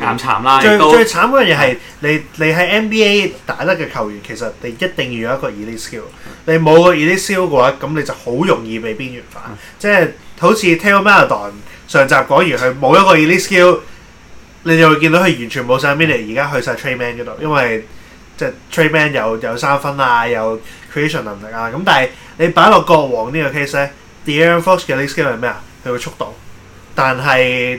咁慘啦、嗯！最最慘嗰樣嘢係，你你喺 NBA 打得嘅球員，其實你一定要有一個 elite skill。你冇個 elite skill 嘅話，咁你就好容易被邊緣化。即係、嗯就是、好似 Taylor Donald 上集講完，佢冇一個 elite skill，你就會見到佢完全冇晒 mini。而家去晒 train man 嗰度，因為即係、就是、train man 有有三分啊，有 creation 能力啊。咁但係你擺落國王呢個 case 咧，De'Aaron、嗯、呢 Fox 嘅 elite skill 係咩啊？佢嘅速度，但係。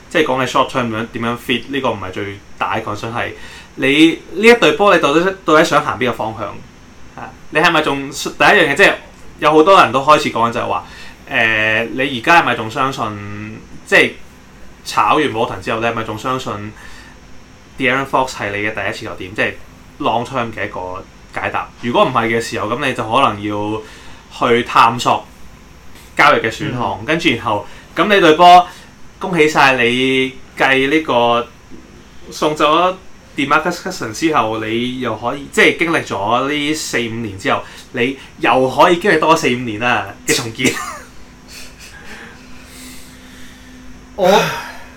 即係講你 short term 點樣 fit 呢個唔係最大嘅 concern 係你呢一隊波你到底到底想行邊個方向？你係咪仲第一樣嘢？即係有好多人都開始講緊就係話誒，你而家係咪仲相信即係炒完 Walton 之後你係咪仲相信 De'Aaron Fox 係你嘅第一次球點？即係 long term 嘅一個解答。如果唔係嘅時候，咁你就可能要去探索交易嘅選項，跟住、嗯、然後咁你隊波。恭喜晒你計呢、這個送咗 DeMarcus Cousins 之後，你又可以即係經歷咗呢四五年之後，你又可以經歷多四五年啊嘅重建。 我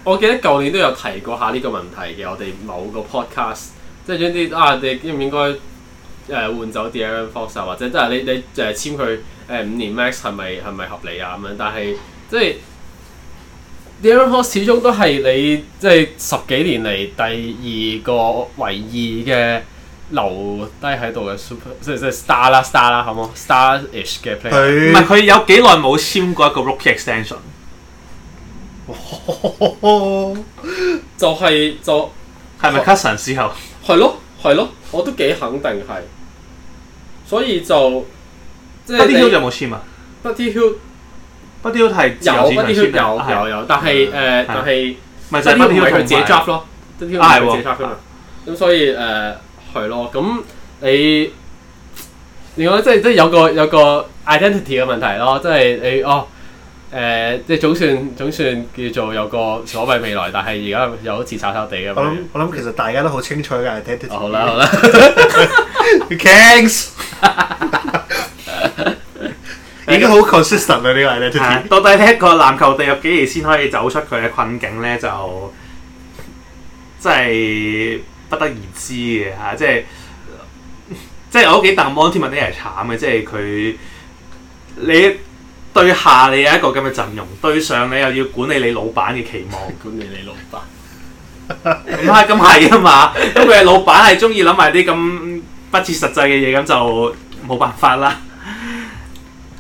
我記得舊年都有提過下呢個問題嘅，我哋某個 podcast 即係一啲啊，你應唔應該誒換走 De'Aaron Fox 啊，或者即係你你誒簽佢誒五年 max 係咪係咪合理啊咁樣？但係即係。始終都係你，即係十幾年嚟第二個唯二嘅留低喺度嘅 super，即係即係 Star 啦，Star 啦，好冇？Star-ish 嘅 play，唔係，佢是有幾耐冇簽過一個 Rookie Extension？ 就係、是，就，係咪 Cousins 之後？係囉，係囉，我都幾肯定係。所以就，即係，Buddy Hield 有冇簽啊？Buddy Hield。不啲都係有有有有，但係誒就係咪就係不雕佢自己 job 咯，不雕係自己 job 咯。咁所以誒係咯，咁你點講？即係即係有個有個 identity 嘅問題咯，即係你哦誒，即係總算總算叫做有個所謂未來，但係而家又好似炒炒地咁。我諗我諗其實大家都好清楚嘅 identity。好啦好啦，Kings。已經好 consistent 啦，呢、這個咧，嗯、 到底呢一個籃球地獄有幾年先可以走出佢嘅困境咧？就真係不得而知嘅吓、啊，即係即係我屋企戥 Mon 天文呢係慘嘅，即係佢你對下你有一個咁嘅陣容，對上你又要管理你老闆嘅期望， 管理你老闆，唔係咁係啊嘛，因為老闆係中意諗埋啲咁不切實際嘅嘢，咁就冇辦法啦。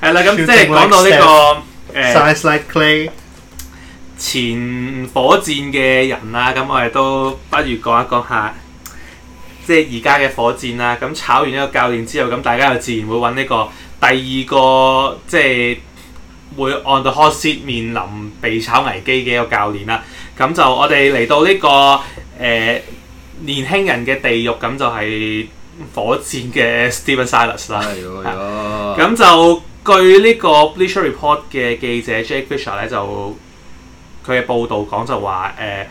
係啦，咁、嗯、即係講到呢、呢個 Clay、呃、前火箭嘅人啦、啊，咁我哋都不如講一講下，即係而家嘅火箭啦、啊。咁炒完一個教練之後，咁大家又自然會揾呢個第二個，即係會按到 hot seat 面臨被炒危機嘅一個教練啦、啊。咁就我哋嚟到呢、呢個誒、呃、年輕人嘅地獄，咁就係火箭嘅 Stephen Silas 啦。係喎、啊，咁就。據呢個 Bleacher Report 嘅記者 Jake Fisher 咧，就佢嘅報導講就話，誒、呃、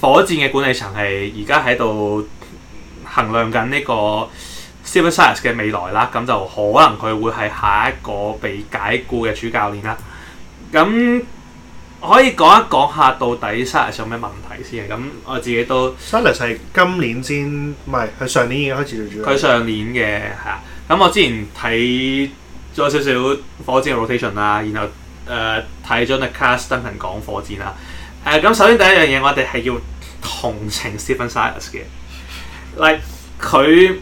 火箭嘅管理層係而家喺度衡量緊呢個 Silas 嘅未來啦，咁就可能佢會係下一個被解僱嘅主教練啦。咁可以講一講下到底 Silas 有咩問題先啊？咁我自己都 Silas 係今年先，唔係佢上年已經開始做主教練。佢上年嘅係啊，咁我之前睇。做少少火箭嘅 rotation 啦，然後誒睇咗 The Cast 登台講火箭啦。誒咁首先第一樣嘢，我哋係要同情 Stephen Silas 嘅。Like 佢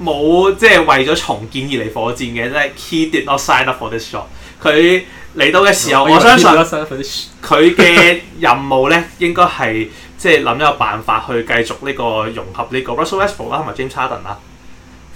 冇即係為咗重建而嚟火箭嘅，即係 He did not sign up for this job。佢嚟到嘅時候，我相信佢嘅任務咧應該係即係諗一個辦法去繼續呢個融合呢個 Russell Westbrook 啦同埋 James Harden 啦。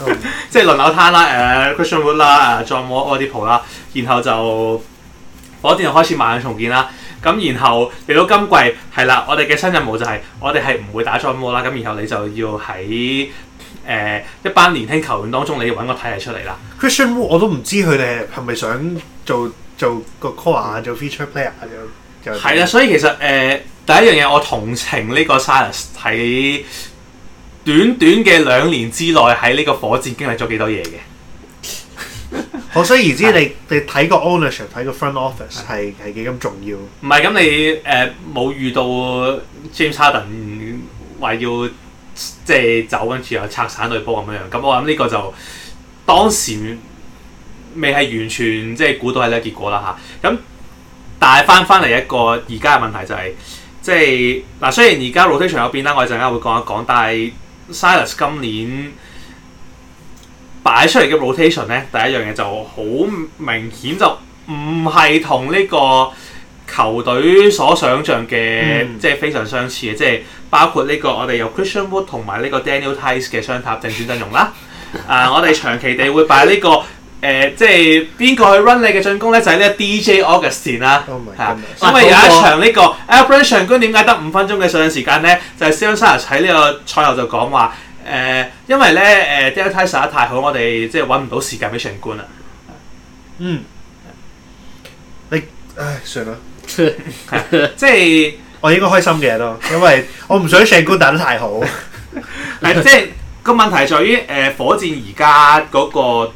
Oh. 即係輪流攤啦，誒、uh,，Christian Wood 啦，John Wall，Oladipo 啦，然後就火箭又開始慢慢重建啦。咁然後嚟到今季係啦，我哋嘅新任務就係我哋係唔會打 John Wall 啦。咁然後你就要喺誒、uh, 一班年輕球員當中，你要揾個體系出嚟啦。Christian Wood 我都唔知佢哋係咪想做做個 core 啊，做 feature player 啊，就係啦。所以其實誒、uh, 第一樣嘢，我同情呢個 Silas 喺。 短短嘅兩年之內喺呢個火箭經歷咗幾多嘢嘅？可 想 而知，對 你你睇個 ownership 睇個 front office 係係幾咁重要。唔係咁，你誒冇、呃、遇到 James Harden 話要即係走，跟住又拆散隊波咁樣樣。咁我諗呢個就當時未係完全即係估到係呢個結果啦吓，咁，但係翻翻嚟一個而家嘅問題就係即係嗱，雖然而家 rotation 有變啦，我陣間會講一講，但係。Silas 今年擺出嚟嘅 rotation 咧，第一樣嘢就好明顯，就唔係同呢個球隊所想象嘅，嗯、即係非常相似嘅，即係包括呢個我哋有 Christian Wood 同埋呢個 Daniel Tice 嘅雙塔正選陣容啦。 啊，我哋長期地會擺呢、這個。誒，即係邊個去 run 你嘅進攻咧？就係呢個 DJ Augustin e 啦，嚇。因為有一場呢個 Elfrance 長官點解得五分鐘嘅上陣時間咧？就係 Sosa 喺呢個賽後就講話誒，因為咧誒 Delta 打得太好，我哋即係揾唔到時間俾上官啦。嗯，你唉，算啦，即係我應該開心嘅多，因為我唔想上官打得太好。係，即係個問題在於誒火箭而家嗰個。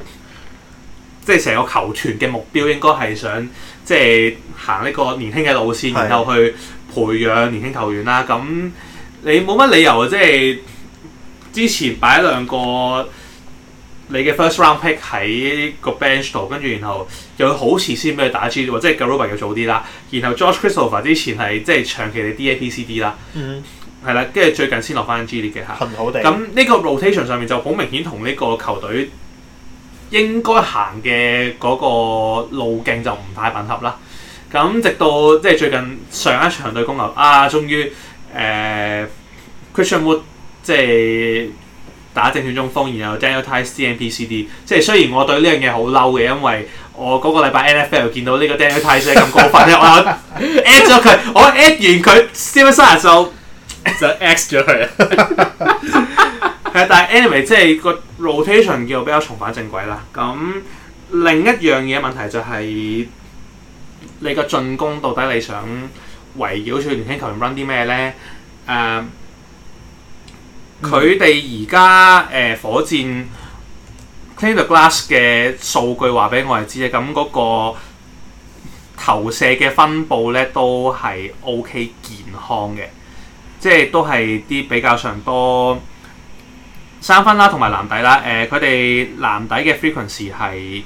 即係成個球團嘅目標應該係想即係行呢個年輕嘅路線，的然後去培養年輕球員啦。咁你冇乜理由即係、就是、之前擺兩個你嘅 first round pick 喺個 bench 度，跟住然後又好遲先俾佢打 G，或者係 Garuba 要早啲啦。然後，後 Josh Christopher 之前係即係長期嘅 DAPCD 啦，嗯，係啦，跟住最近先落翻 G League 嘅嚇。咁呢個 rotation 上面就好明顯同呢個球隊應該行嘅嗰個路徑就唔太吻合啦。咁直到即係最近上一場對公牛啊，終於、呃、Christian Wood 即係打正選中鋒，然後 Daniel Theis DNP-CD。即係雖然我對呢樣嘢好嬲嘅，因為我嗰個禮拜 N F L 見到呢個 Daniel Theis 咁過分咧， 我 at 咗佢。我 at 完佢 Stephen Silas 就 X 咗佢。 但係 anyway，即係個 rotation 又比較重返正軌啦。咁、嗯、另一樣嘢問題就係、是、你個進攻到底你想圍繞住年輕球員 run 啲咩咧？誒、啊，佢哋而家誒火箭 Cleaning the Glass 嘅數據話俾我哋知啊，咁嗰個投射嘅分佈咧都係 OK 健康嘅，即係都係啲比較上多。三分啦，同埋籃底啦。誒，佢哋籃底嘅 frequency 係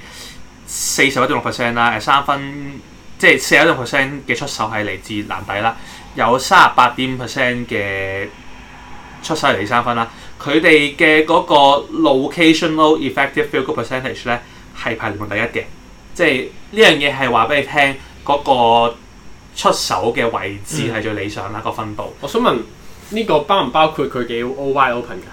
四十一點六 percent 啦。誒，三分即係四點六 percent 嘅出手係嚟自籃底啦。有三十八點五 percent 嘅出手嚟三分啦。佢哋嘅嗰個 locational effective field goal percentage 咧係排聯盟第一嘅。即係呢樣嘢係話俾你聽，嗰、那個出手嘅位置係最理想啦，嗯、個分布。我想問呢、這個包唔包括佢嘅 oy open 㗎？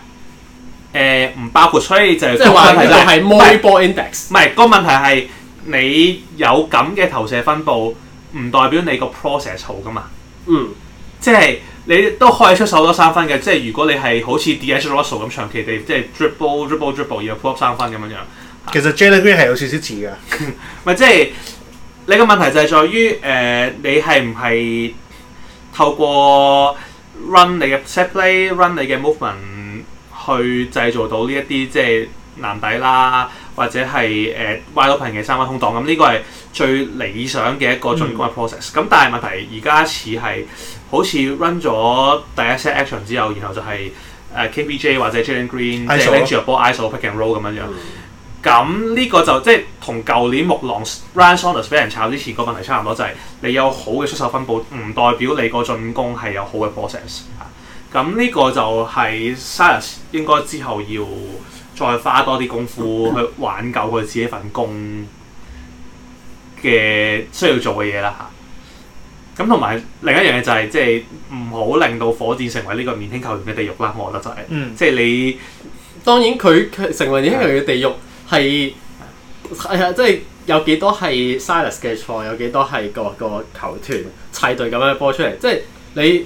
誒唔、呃、包括，所以就係即係話，其實係 Moreyball index。唔係個問題係、那個、你有咁嘅投射分布，唔代表你個 process 好噶嘛。嗯，即係你都可以出手多三分嘅。即係如果你係好似 D'Angelo Russell 咁長期地，即係 dribble dribble dribble，然後 pull up 三分咁樣樣。其實 Jalen Green 係有少少似㗎。咪 即係你個問題就係在於誒、呃，你係唔係透過 run 你嘅 set play，run 你嘅 movement？去製造到呢一啲即係籃底啦，或者係誒 wide open 嘅三分空檔，咁、嗯、呢、嗯、個係最理想嘅一個進攻嘅 process。咁但係問題而家似係好似 run 咗第一 set action 之後，然後就係、是、誒、呃、KBJ 或者 Jalen Green ISO，即係拎住個 ball ISO pick and roll 咁樣樣。咁呢個就即係同舊年木狼 Ryan Saunders 俾人炒之前個問題差唔多，就係、是、你有好嘅出手分布，唔代表你個進攻係有好嘅 process。咁呢個就係 Silas 應該之後要再花多啲功夫去挽救佢自己份工嘅需要做嘅嘢啦嚇。咁同埋另一樣嘢就係即係唔好令到火箭成為呢個年輕球員嘅地獄啦，我覺得就係、是，即係、嗯、你當然佢佢成為年輕球員嘅地獄係係啊，即係的、就是、有幾多係 Silas 嘅錯，有幾多係個個球團砌隊咁樣播出嚟，即、就、係、是、你。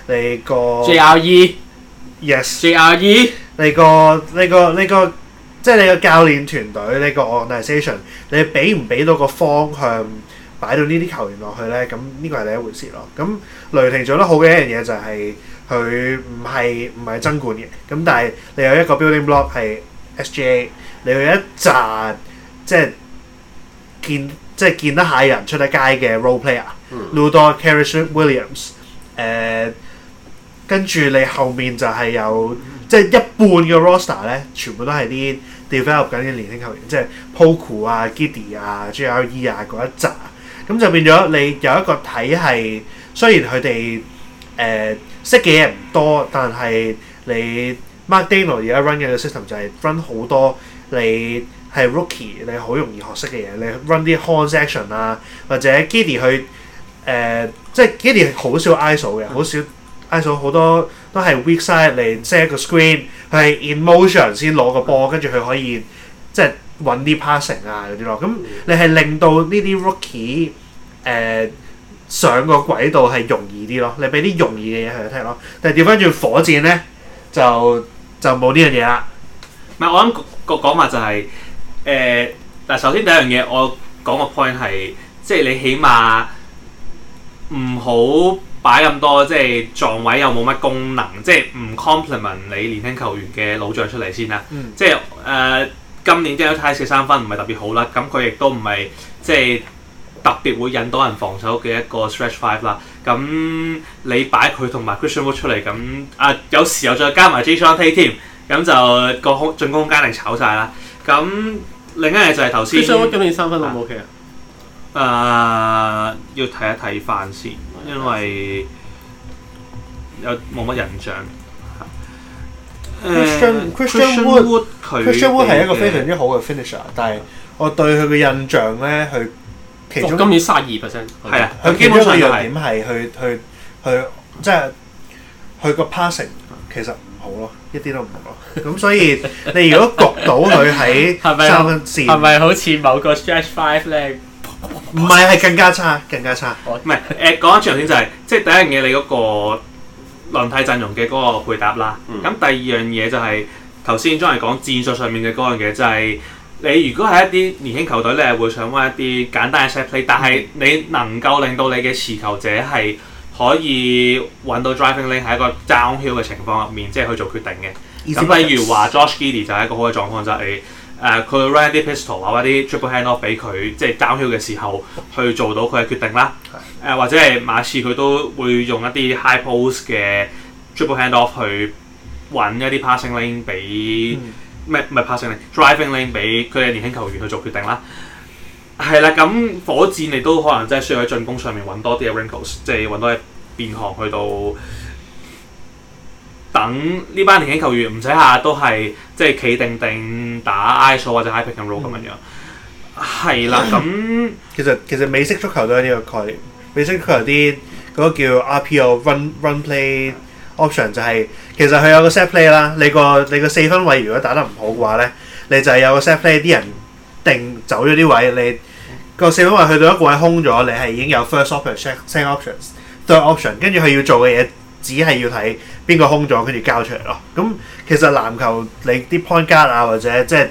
你個 G.R.E. yes G.R.E. 你個你個你個即係你個教練團隊，你個 organization，你俾唔俾到個方向擺到呢啲球員落去咧？咁呢個係第一回事咯。咁雷霆做得好嘅一樣嘢就係佢唔係唔係爭冠嘅。咁但係你有一個 building block 係 SGA 你有一紮即係見即係見得下人出得街嘅 role player、嗯 Lu Dort、Kenrich Williams 誒。Will 跟住你後面就係有，即、就、係、是、一半嘅 roster 咧，全部都係啲 develop 緊啲年輕球員，即係 Poku 啊、Giddy 啊、JRE 啊嗰、啊、一紮。咁就變咗你有一個體系，雖然佢哋誒識嘅嘢唔多，但係你 Mark Daigneault 而家 run 嘅 system 就係 run 好多你係 rookie 你好容易學識嘅嘢，你 run 啲 horns action 啊，或者 Giddy 去誒、呃，即係 Giddy 好少 ISO 嘅，好少。嗯睇到好多都係 weak side 嚟 set 個 screen，佢係 in motion 先攞個波，跟住佢可以即係揾啲 passing 啊嗰啲咯。咁你係令到呢啲 rookie 誒上個軌道係容易啲咯，你俾啲容易嘅嘢佢睇咯。但係調翻轉火箭咧，就就冇呢樣嘢啦。唔係我諗個講法就係誒，但係首先第一樣嘢我講個 point 係，即係你起碼唔好。擺咁多即係撞位又冇乜功能，即係唔 complement 你年輕球員嘅老將出嚟先啦。嗯、即係誒、呃、今年 Daniel Theis 嘅三分唔係特別好啦，咁佢亦都唔係即係特別會引到人防守嘅一個 stretch five 啦。咁你擺佢同埋 Christian、Wood，出嚟，咁啊、呃、有時又再加埋 Jason T 咁就，那個空進攻空間嚟炒晒啦。咁另一樣就係頭先，Christian 今年三分好唔好嘅？誒，要睇一睇翻先。因為有冇乜印象？Christian Wood 佢係一個非常之好嘅 finisher，但係我對佢嘅印象咧，佢其中今年三十二 percent，係啊，佢基本嘅弱點係去去去，即係佢個 passing 其實唔好咯，一啲都唔好咯。咁所以你如果焗到佢喺三分線，係咪好似某個 stretch five 咧？唔係，係更加差，更加差。唔係誒，講完場邊就係、是，即係第一樣嘢，你嗰個輪替陣容嘅嗰個配搭啦。咁、嗯、第二樣嘢就係頭先啲人講戰術上面嘅嗰樣嘢，就係你如果係一啲年輕球隊，你係會想玩一啲簡單嘅 set play，但係你能夠令到你嘅持球者係可以揾到 driving lane 喺一個 downhill 嘅情況入面，即係去做決定嘅。咁例 Easy 如話，Josh Giddey 就係一個好嘅狀況，就係、是。誒佢 run 啲 pistol 啊或啲 triple hand off 俾佢即係交囂嘅時候去做到佢嘅決定啦誒或者係馬刺佢都會用一啲 high pose 嘅 triple hand off 去搵一啲 passing lane 俾咩唔係 passing lane driving lane 俾佢嘅年輕球員去做決定啦係啦咁火箭你都可能真係需要喺進攻上面搵多啲嘅 wrinkles 即係搵多變行去到等呢班年輕球員唔使下都係即係企定定打 ISO 或者 High Pick and Roll 咁樣樣，係啦。咁其實其實美式足球都有呢個概念。美式足球啲嗰個叫 RPO Run Run Play Option，就係其實佢有個 set play 啦。你個你個四分位如果打得唔好嘅話咧，你就係有個 set play 啲人定走咗啲位，你個四分位去到一個位空咗，你係已經有 First Option、Second Option、Third Option 跟住佢要做嘅嘢。只係要睇邊個空咗，跟住交出嚟咯。咁、嗯、其實籃球你啲 point guard 啊，或者即係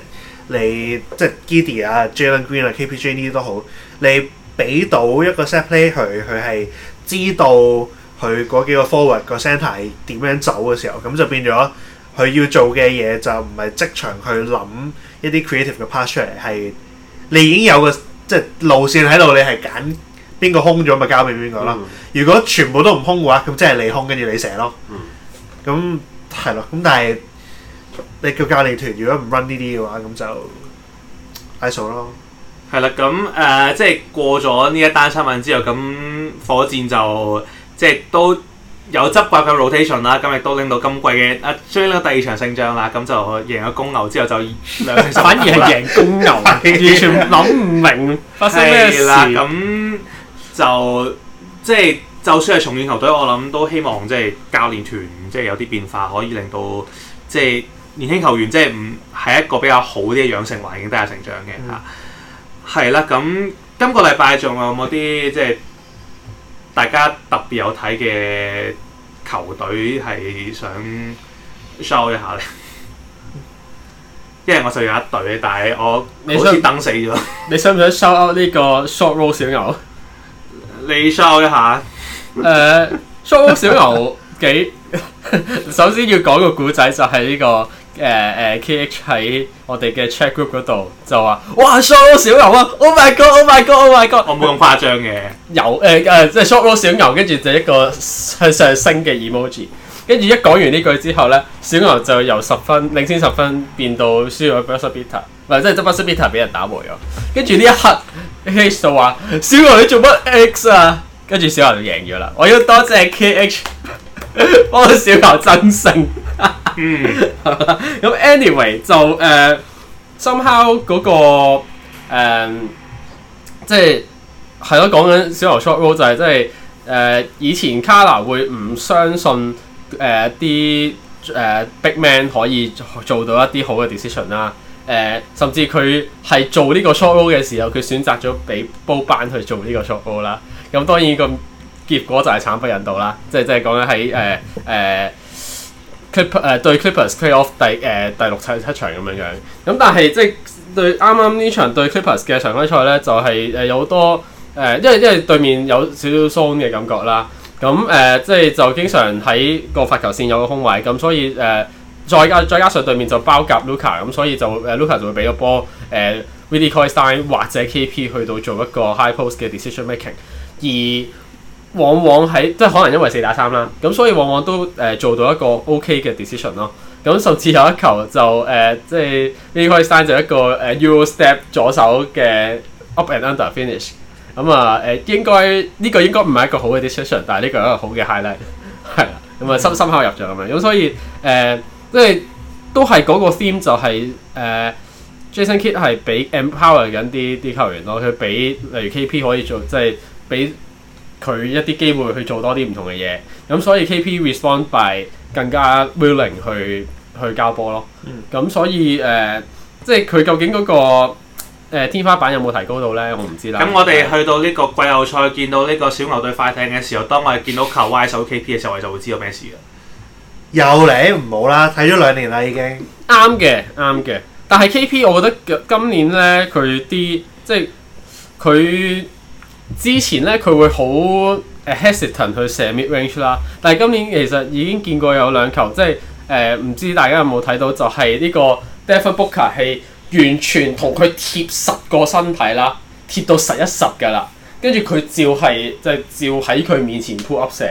你即係 KD 啊、就是、Jalen Green 啊、KPJ 呢啲都好，你俾到一個 set play，佢佢係知道佢嗰幾個 forward 個 center 係點樣走嘅時候，咁就變咗佢要做嘅嘢就唔係即場去諗一啲 creative 嘅 part 出嚟，係你已經有個即係、就是、路線喺度，你係揀。邊個空咗咪交俾邊個咯？如果全部都唔空嘅話，咁即係你空跟住你射咯。咁係咯，咁但係你個交易團如果唔 run 呢啲嘅話，咁就挨數咯。係啦，咁誒即係過咗呢一單新聞之後，咁火箭就即係都有執爆嘅 rotation 啦。今日都拎到今季嘅啊，追到第二場勝仗啦。咁就贏咗公牛之後就兩勝三負啦。反而係贏公牛，完全諗唔明發生咩事。就即係，就算係重建球隊，我諗都希望即係教練團即係有啲變化，可以令到即係年輕球員、嗯、即係唔係一個比較好啲嘅養成環境底下成長嘅吓。係啦、嗯，咁今個禮拜仲有冇啲即係大家特別有睇嘅球隊係想 show 一下咧？ 因為我就有一隊，但係我你想我好似等死咗。你想唔想 shout out 呢個 short roll 小牛？你 show 一下，呃，誒 ，show 小牛幾？ 首先要講個古仔，這個呃呃，就係呢個誒誒 K H 喺我哋嘅 c h e c k group 嗰度就話，哇，show 小牛啊！Oh my god！Oh my god！Oh my god！Oh、my god 我冇咁誇張嘅，有誒誒、呃呃，即係 show 小牛，跟住就一個向上升嘅 emoji，跟住一講完呢句之後咧，小牛就由十分領先十分變到輸咗 buzzer beater，唔係即係 buzzer beater 俾人打回咗，跟住呢一刻。 H 就話小牛你做乜 X 啊？跟住小牛就贏咗啦。我要多謝 K H 幫 小牛增勝、 mm. way,。嗯、呃，咁 anyway 就誒，somehow 嗰、那個誒、呃，即係係咯，講緊小牛 short roll 就係、是、即係誒、呃，以前卡拉會唔相信誒啲誒 Big Man 可以做到一啲好嘅 decision 啦、啊。誒、呃，甚至佢係做呢個 short roll 嘅時候，佢選擇咗俾波班去做呢個 short roll 啦。咁當然個結果就係慘不忍睹啦。即係即係講緊喺誒誒 Clip 對 Clippers playoff 第誒、呃、第六七七場咁樣樣。咁但係即係對啱啱呢場對 Clippers 嘅常規賽咧，就係、是、誒有好多誒、呃，因為因為對面有少少 zone 嘅感覺啦。咁誒、呃、即係就經常喺個發球線有個空位，咁所以誒。呃再加再加上對面就包夾 Luka 咁，所以就誒 Luka 就會俾個波誒 Willie Cauley-Stein 或者 KP 去到做一個 high post 嘅 decision making。而往往喺即係可能因為四打三啦，咁所以往往都誒做到一個 OK 嘅 decision 咯。咁甚至有一球就誒即係 Cauley-Stein 就一個誒 U step 左手嘅 up and under finish。咁啊誒應該呢個應該唔係一個好嘅 decision，但係呢個係一個好嘅 highlight 係啦，咁啊深深刻入咗咁樣，咁所以誒。就是呃、toy, Means, 即係都係嗰個 theme 就係誒 Jason Kidd 係俾 empower 緊啲啲球員咯，佢俾例如 KP 可以做即係俾佢一啲機會去做多啲唔同嘅嘢，咁所以 KP respond by 更加 willing 去去交波咯。咁 to、嗯嗯、所以誒、呃，即係佢究竟嗰個、呃、天花板有冇提高到咧？我唔知啦。咁 hil Rent 我哋去到呢個季後賽見到呢個小牛隊快艇嘅時候，當我哋見到球歪手 KP 嘅時候，我哋就會知道咩事啦。lovely sound 又嚟唔好啦，睇咗兩年啦已經。啱嘅，啱嘅。但係 KP，我覺得今年咧佢啲即係佢之前咧佢會好 hesitant 去射 mid range 啦。但係今年其實已經見過有兩球，即係誒唔知大家有冇睇到，就係、是、呢個 Devin Booker 係完全同佢貼實個身體啦，貼到實一實㗎啦。跟住佢照係即係照喺佢面前 pull up 射。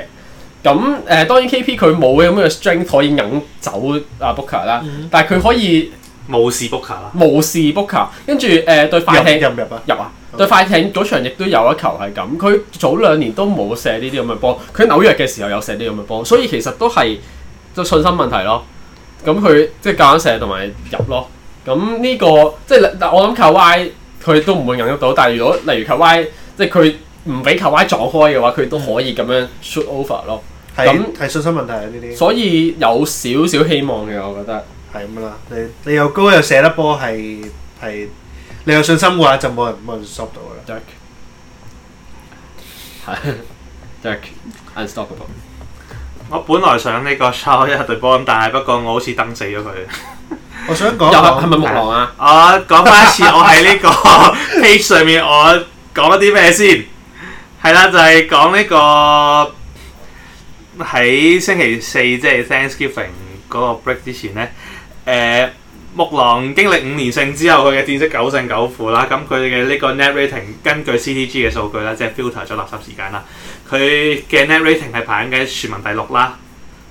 咁誒、呃、當然 K.P 佢冇咁嘅 strength 可以引走阿、啊、Booker 啦、嗯，但係佢可以無視 Booker 啦，無視 Booker 跟住誒對快艇入啊入啊，對快艇嗰場亦都有一球係咁，佢早兩年都冇射呢啲咁嘅波，佢紐約嘅時候有射呢啲咁嘅波，所以其實都係就信心問題咯。咁佢即係夾硬射同埋入咯。咁呢、呢個即係嗱我諗靠 Kawhi 佢都唔會引喐到，但係如果例如靠 Kawhi 即係佢，唔俾球歪撞開嘅話，佢都可以咁樣 shoot over 咯。咁係信心問題啊！呢啲，所以有少少希望嘅，我覺得係咁啦。你你又高又射得波，係係你有信心嘅話，就冇人冇人 stop 到噶啦。Dark，dark，unstoppable。我本來想呢個 shot 一入對波咁，但係不過我好似蹬死咗佢。我想講係咪木狼啊？我講返一次，我喺呢個 page 上面，我講咗啲咩先？係啦，就係講呢個喺星期四即係 Thanksgiving 嗰個 break 之前咧，誒木狼經歷五年勝之後，佢嘅戰績九勝九負啦。咁佢嘅呢個 net rating 根據 CTG 嘅數據啦，即係 filter 咗垃圾時間啦，佢嘅 net rating 係排緊嘅全聯盟第六啦，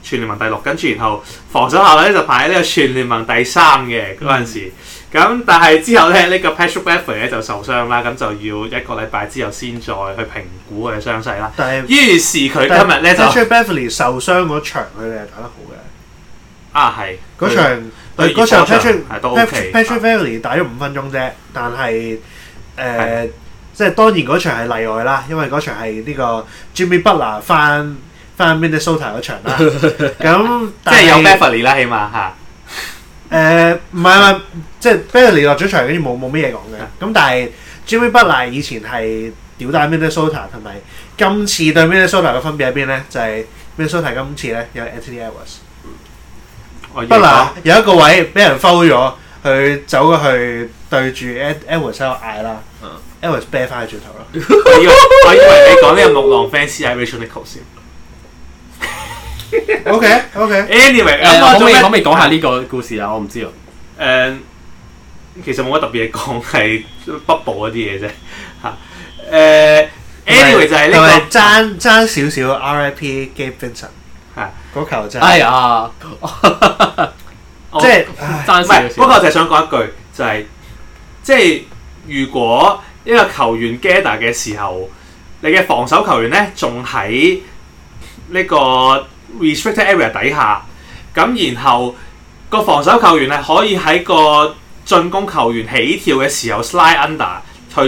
全聯盟第六。跟住然後防守效率咧就排喺呢個全聯盟第三嘅嗰陣時。咁但係之後咧，呢個 Patrick Beverly 咧就受傷啦，咁就要一個禮拜之後先再去評估佢嘅傷勢啦。但係於是佢今日咧 Patrick Beverly 受傷嗰場，佢哋係打得好嘅。啊，係嗰場，嗰場 Patrick Patrick Beverly 打咗五分鐘啫。但係誒，即係當然嗰場係例外啦，因為嗰場係呢個 Jimmy Butler 翻翻 Minnesota 嗰場啦。咁即係有 Beverly 啦，起碼嚇。誒唔係唔係，即係 Butler 落咗場，跟住冇冇咩嘢講嘅。咁、嗯、但係 Jimmy Butler，以前係屌打 Minnesota 同埋，今次對 Minnesota 嘅分別喺邊咧？就係、是、Minnesota 今次咧有 Anthony Edwards，Butler 有一個位俾人 foul 咗，佢走過去對住 Anthony Edwards 喺度嗌啦 Edwards 啤翻佢轉頭咯。我以為你講呢個木狼 fans 係 traditional 嘅。O K，O K，Anyway，可唔可以講下呢個故事啊？我唔知啊。誒，其實冇乜特別嘢講，係北部嗰啲嘢啫。吓，誒，Anyway 就係呢個爭爭少少 R I P Game v i n i o r 吓，嗰球真係啊，即係唔係。不過我就係想講一句，就係即係如果一個球員 Gather 嘅時候，你嘅防守球員咧仲喺呢個。Restricted area 底下，咁然後，那個防守球員係可以喺個進攻球員起跳嘅時候 slide under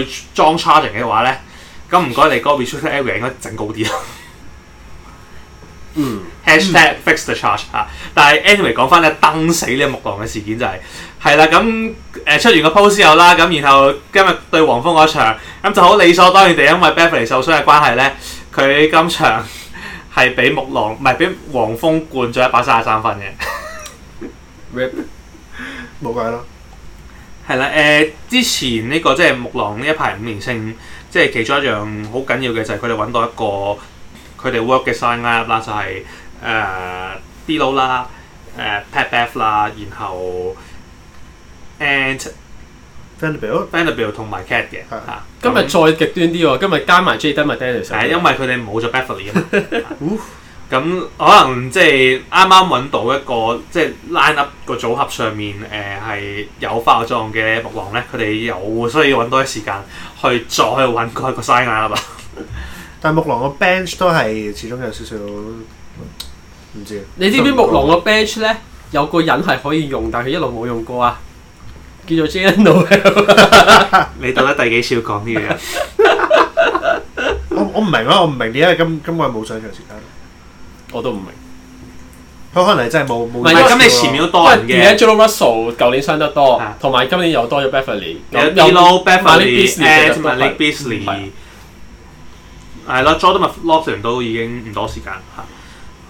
去裝 charging 嘅話咧，咁唔該你個 restricted area 應該整高啲咯。嗯 、mm.，hashtag fix the charge 嚇，anyway。但係 anyway 講翻咧，瞪死呢個木狼嘅事件就係係啦。咁誒、呃、出完個 post 之後啦，咁然後今日對黃蜂嗰場，咁就好理所當然地，因為 Beverley 受傷嘅關係咧，佢今場。係俾木狼，唔係俾黃蜂灌咗一百三十三分嘅，冇計啦，係啦，誒、呃、之前呢、呢個即係木狼呢一排五連勝，即係其中一樣好緊要嘅就係佢哋揾到一個佢哋 work 嘅 sign up、就係呃、ilo, 啦，就係誒 DLO 啦，誒 Pat Bev 啦，然後 And。Vanilla、Vanilla 同埋 Cat 嘅，今日再極端啲喎，今日加埋 Jade 同埋 Daniel 上，係因為佢哋冇咗 Beverly 啊咁、啊啊、 可能即係啱啱揾到一個即係 lineup 個組合上面誒係、呃、有化妝嘅木狼咧，佢哋有，所以揾多啲時間去再去揾嗰個沙眼啦嘛。但係木狼個 bench 都係始終有少少唔知。你知唔知木狼個 bench 咧有個人係可以用，但係佢一路冇用過啊？叫做 j e n 你讀得第幾次要講呢樣嘢？我我唔明啊，我唔明點解今今個冇上場時間，我都唔明。佢可能真係冇冇。唔係，因為前面多人嘅。D'Angelo Russell 舊年傷得多，同埋今年又多咗 Beverley，有 Belo Beverley，有 Malik Beasley。係咯，Jordan McLaughlin 成都已經唔多時間嚇，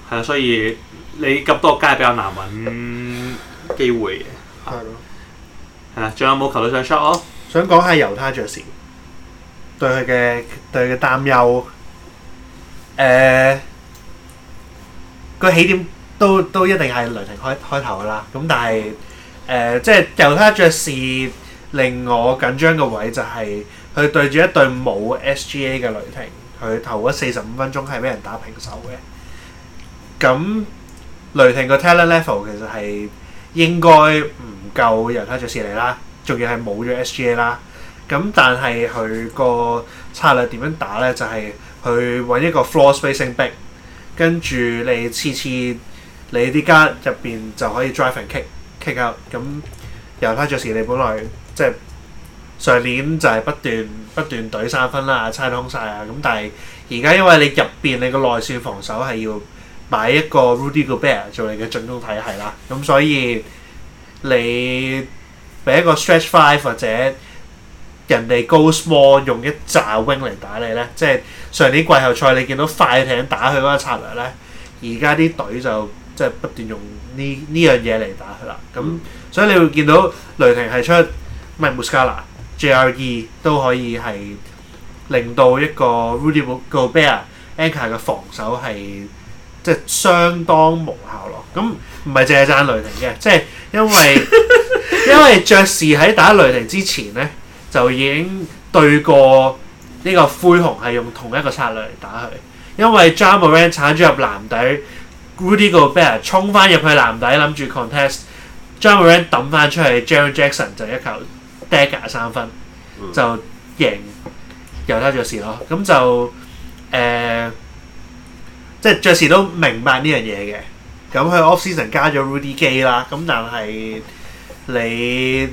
係啊，所以你咁多個街比較難揾機會嘅。係咯。係啦，仲有冇球隊上 shot？我想講下猶他爵士對佢嘅對佢嘅擔憂。誒，個起點都都一定係雷霆開開頭噶啦。咁但係誒，即係猶他爵士令我緊張嘅位就係佢對住一隊冇 SGA 嘅雷霆，佢頭嗰四十五分鐘係俾人打平手嘅。咁雷霆個 talent level 其實係應該。夠猶他爵士嚟啦，仲要係冇咗 SGA 啦。咁但係佢個策略點樣打咧？就係去揾一個 floor spacing big，跟住你次次你啲間入邊就可以 drive and kick kick out。咁猶他爵士你本來即係上年就係不斷不斷隊三分啦，差通晒啊。咁但係而家因為你入邊你個內線防守係要買一個 Rudy Gobert 做你嘅進攻體係啦，咁所以。你俾一個 stretch five 或者人哋 go small 用一紮 wing 嚟打你咧，即係上年季後賽你見到快艇打佢嗰個策略咧，而家啲隊就即係不斷用呢呢樣嘢嚟打佢啦。咁所以你會見到雷霆係出唔係 Muscala g l e 都可以係令到一個 Rudy Gobert anchor 嘅防守係，即係相當無效咯，咁唔係淨係讚雷霆嘅，即係因為 因為爵士喺打雷霆之前咧，就已經對過呢個灰熊係用同一個策略嚟打佢，因為 Ja Morant 鏟咗入籃底 Rudy Gobert 衝翻入去籃底諗住 contest，Ja Morant 抌翻出去 ，Jaren Jackson 就一球 dagger 三分就贏，嗯、猶他爵士咯，咁就誒。呃即係爵士都明白呢樣嘢嘅，咁佢 option 加咗 Rudy 基啦，咁但係你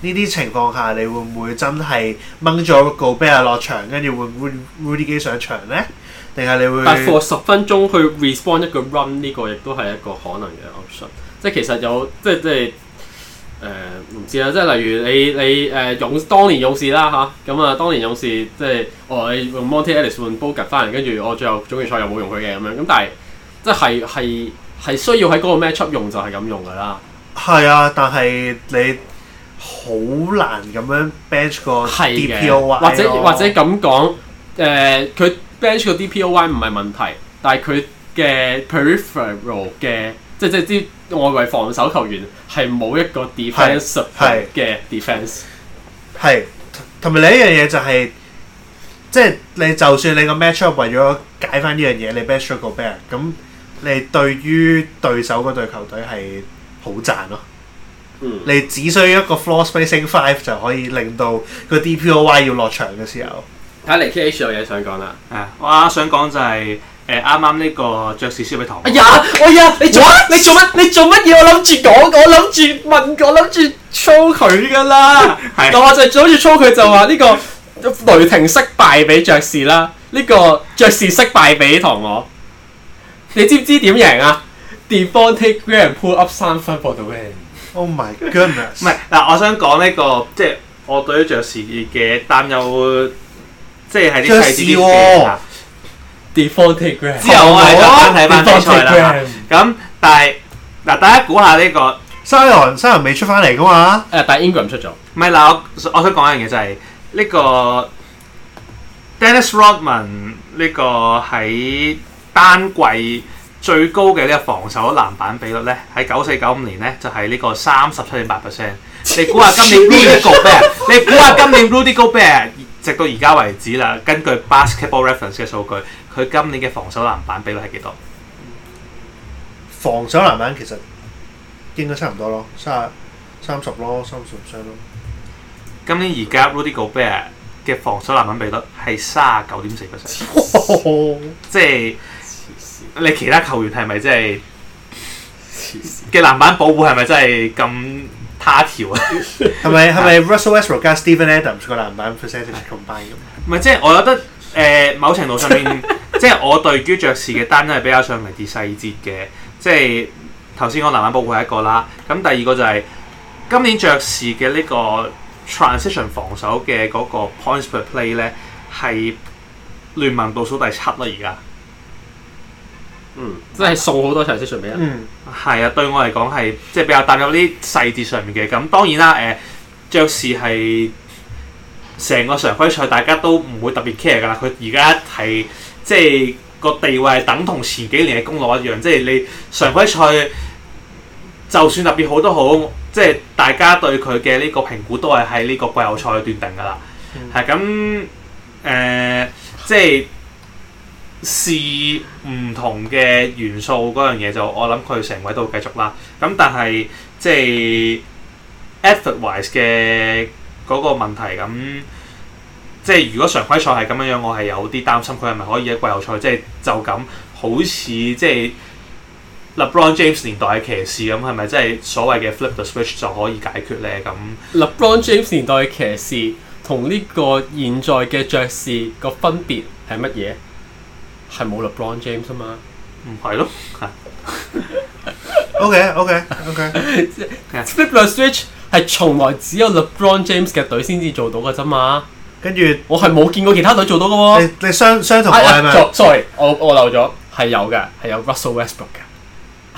呢啲情況下，你會唔會真係掹咗個 b e a r 落場，跟住會唔會 Rudy 基上場呢？定係你會？但係十分鐘去 respond 一個 run 呢個，亦都係一個可能嘅 option。即係其實有，即係即係。誒唔、呃、知啦，即係例如你你誒勇、呃、當年勇士啦嚇，咁啊當年勇士即係我、哦、用 Monta Ellis 換 Bogut 翻嚟，跟住我最後總決賽又冇用佢嘅咁樣，咁但係即係係係需要喺嗰個 matchup 用就係、是、咁用噶啦。係啊，但係你好難咁樣 bench 個 DPOY，的或者、哦、或者咁講誒，佢、呃、bench 個 DPOY 唔係問題，但係佢嘅 peripheral 嘅即係即係啲。外圍防守球員係冇一個 d e f e n s e 嘅 defence，係同埋另一樣嘢就係、是，即、就、係、是、你就算你 up，個 matchup 為咗解翻呢樣嘢，你 matchup 個 back，咁你對於對手嗰隊球隊係好讚咯、啊。嗯、你只需要一個 floor spacing five 就可以令到個 DPOY 要落場嘅時候，睇嚟 KH 有嘢想講啦。誒、啊，我啊想講就係、是。誒，啱啱呢個爵士輸俾唐我，哎呀，哎呀，你做乜 What?？你做乜？你做乜嘢？我諗住講，我諗住問，我諗住操佢噶啦。係 的，我就我就諗住操佢就話呢個雷霆惜敗俾爵士啦，呢、這個爵士惜敗俾唐我。你知唔知點贏啊？Defend, take, grab, pull up，三分 for the win。Oh my goodness！唔係嗱，我想講呢、這個，即係我對爵士嘅擔憂，即係爵士、哦。之後我係再翻睇翻比賽啦。咁、啊、但係嗱，大家估下呢個西韓西韓未出翻嚟噶嘛？誒、啊，但係英格蘭出咗。唔係嗱，我我想講一樣嘢就係、是、呢、這個 Dennis Rodman 呢、這個喺單季最高嘅呢個防守籃板比率咧，喺九四九五年咧就係、是、呢個三十七點八 percent。你估下今年 Rudy Gobert？你估下今年 Rudy Gobert 直到而家為止啦，根據 Basketball Reference 嘅數據。佢今年嘅防守籃板比率係幾多？防守籃板其實應該差唔多咯，卅三十咯，三十唔差咯。今年而家 Rudy Gobert 嘅防守籃板比率係卅九點四 percent，即係你其他球員係咪真係嘅籃板保護，係咪真係咁他條啊？係咪係咪 Russell Westbrook、Steven Adams 個籃板 percentage combine 咁？唔係，即係我覺得。誒、呃、某程度上面， 即係我對於爵士嘅單，真係比較上嚟啲細節嘅。即係頭先我籃板保護係一個啦，咁第二個就係今年爵士嘅呢個 transition 防守嘅嗰個 points per play 咧，係聯盟倒數第七啦，而家。嗯，真係數好多 transition 俾人。嗯，係啊，對我嚟講係即係比較帶有啲細節上面嘅。咁當然啦，誒、呃，爵士係。成個常規賽大家都唔會特別 care 㗎啦，佢而家係即係個地位等同前幾年嘅公路一樣，即係你常規賽就算特別好都好，即係大家對佢嘅呢個評估都係喺呢個季後賽去斷定㗎啦。係咁誒，即係試唔同嘅元素嗰樣嘢，就我諗佢成位都會繼續啦。咁但係即係 effort wise 嘅。 嗰個問題咁，即係如果常規賽係咁樣樣，我係有啲擔心佢係咪可以喺季後賽、就係、就即係就咁好似即係 LeBron James 年代嘅騎士咁，係咪即係所謂嘅 Flip the Switch 就可以解決咧？咁 LeBron James 年代嘅騎士同呢個現在嘅爵士個分別係乜嘢？係冇 LeBron James 啊嘛，唔係是咯 okay，okay，okay，Flip the Switch。係從來只有 LeBron James 嘅隊先至做到嘅啫嘛，跟住我係冇見過其他隊做到嘅喎。你你相相同我係咪？sorry，我我漏咗，係有嘅，係有 Russell Westbrook 嘅，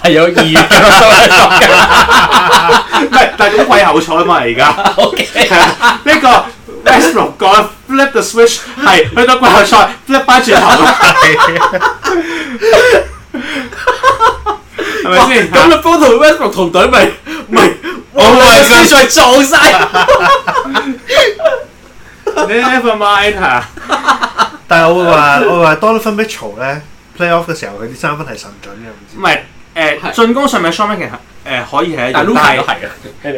係有二月嘅 Russell 嘅。唔係，但係好季後賽啊嘛而家。OK，呢個 Westbrook 個 flip the switch 係去到季後賽，flip 翻轉頭。係咪先？咁咪波士威同團隊咪咪，我話先在嘈晒。你 never mind 但係我話我話 Donovan Mitchell 咧，playoff 嘅時候佢啲三分係神準嘅。唔知。唔係誒，進攻上面咪 shortening 誒可以係，但係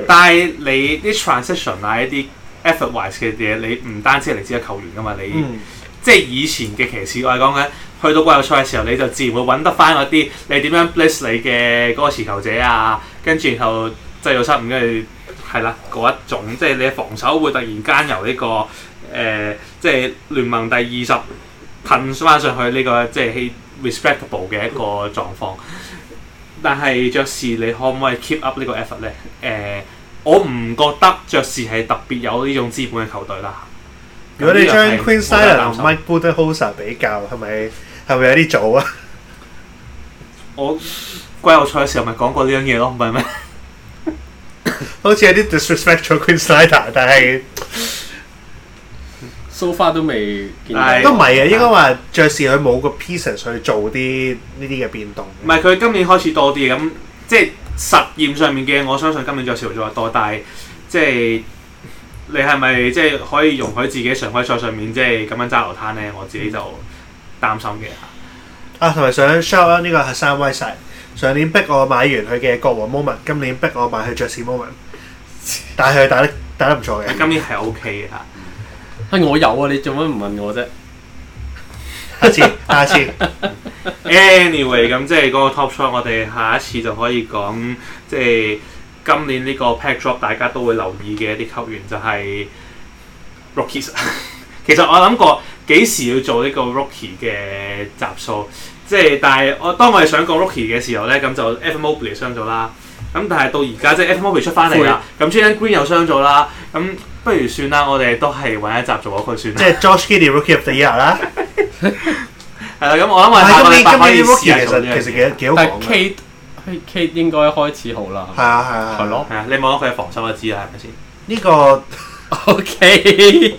但係你啲 transition 啊，一啲 effort wise 嘅嘢，你唔單止係嚟自個球員噶嘛？你即係以前嘅騎士我係講緊。去到季後賽嘅時候，你就自然會揾得翻嗰啲你點樣 bless 你嘅嗰個持球者啊，跟住然後製造失誤，跟住係啦，嗰一種即係你嘅防守會突然間由呢、這個誒、呃，即係聯盟第二十噴翻上去呢、這個即係 respectable 嘅一個狀況。但係爵士，你可唔可以 keep up 呢個 effort 呢？誒、呃，我唔覺得爵士係特別有呢種資本嘅球隊啦。如果你將 Quin Snyder 同 Mike Budenholzer 比較，係咪？係咪有啲早啊？我季後賽嘅時候咪講過呢樣嘢咯，唔係咩？ 好似有啲 disrespect 咗 Quin Snyder，但係 so far 都未見，唉都唔係啊，應該話爵士佢冇個 pieces 去做啲呢啲嘅變動。唔係佢今年開始多啲咁，即係實驗上面嘅。我相信今年爵士做得多，但係即係你係咪即係可以容許自己常規賽上面即係咁樣揸流攤咧？我自己就。 擔心嘅啊，同埋、啊、想 share 呢個係 Hassan Whiteside，上年逼我買完佢嘅國王 moment，今年逼我買佢爵士 moment，但係佢打得打得唔錯嘅。今年係 O K 嘅嚇，我有啊，你做乜唔問我啫？下次，下次。 Anyway，咁即係嗰個 top shot，我哋下一次就可以講，即係今年呢個 pack drop，大家都會留意嘅一啲球員就係 Rockies。 其實我諗過幾時要做呢個 Rookie 嘅集數，即係但係我當我哋想講 Rookie 嘅時候咧，咁就 Evan Mobley 嚟傷咗啦。咁但係到而家即係 Evan Mobley 出翻嚟啦，咁 Jalen Green 又傷咗啦。咁不如算啦，我哋都係揾一集做嗰句算啦。即係 Josh Giddey Rookie 第一日啦。係啦，咁我諗咪下個禮拜可以 Rookie 嘅集數嘅。Kate，Kate 應該開始好啦。係啊係啊係咯。係啊，你望下佢嘅防守就知啦，係咪先？呢個 OK。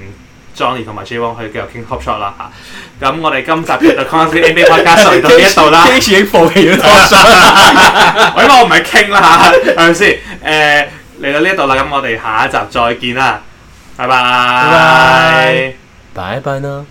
Johnny 同埋 J Wong 去繼續傾 Top Shot 啦嚇，咁我哋今集嘅 The Corner 3 Podcast 嚟到呢一度啦，今次已經放棄咗啦，我因為我唔係傾啦嚇，係咪先？誒嚟到呢一度啦，咁我哋下一集再見啦，拜拜，拜拜，拜拜啦。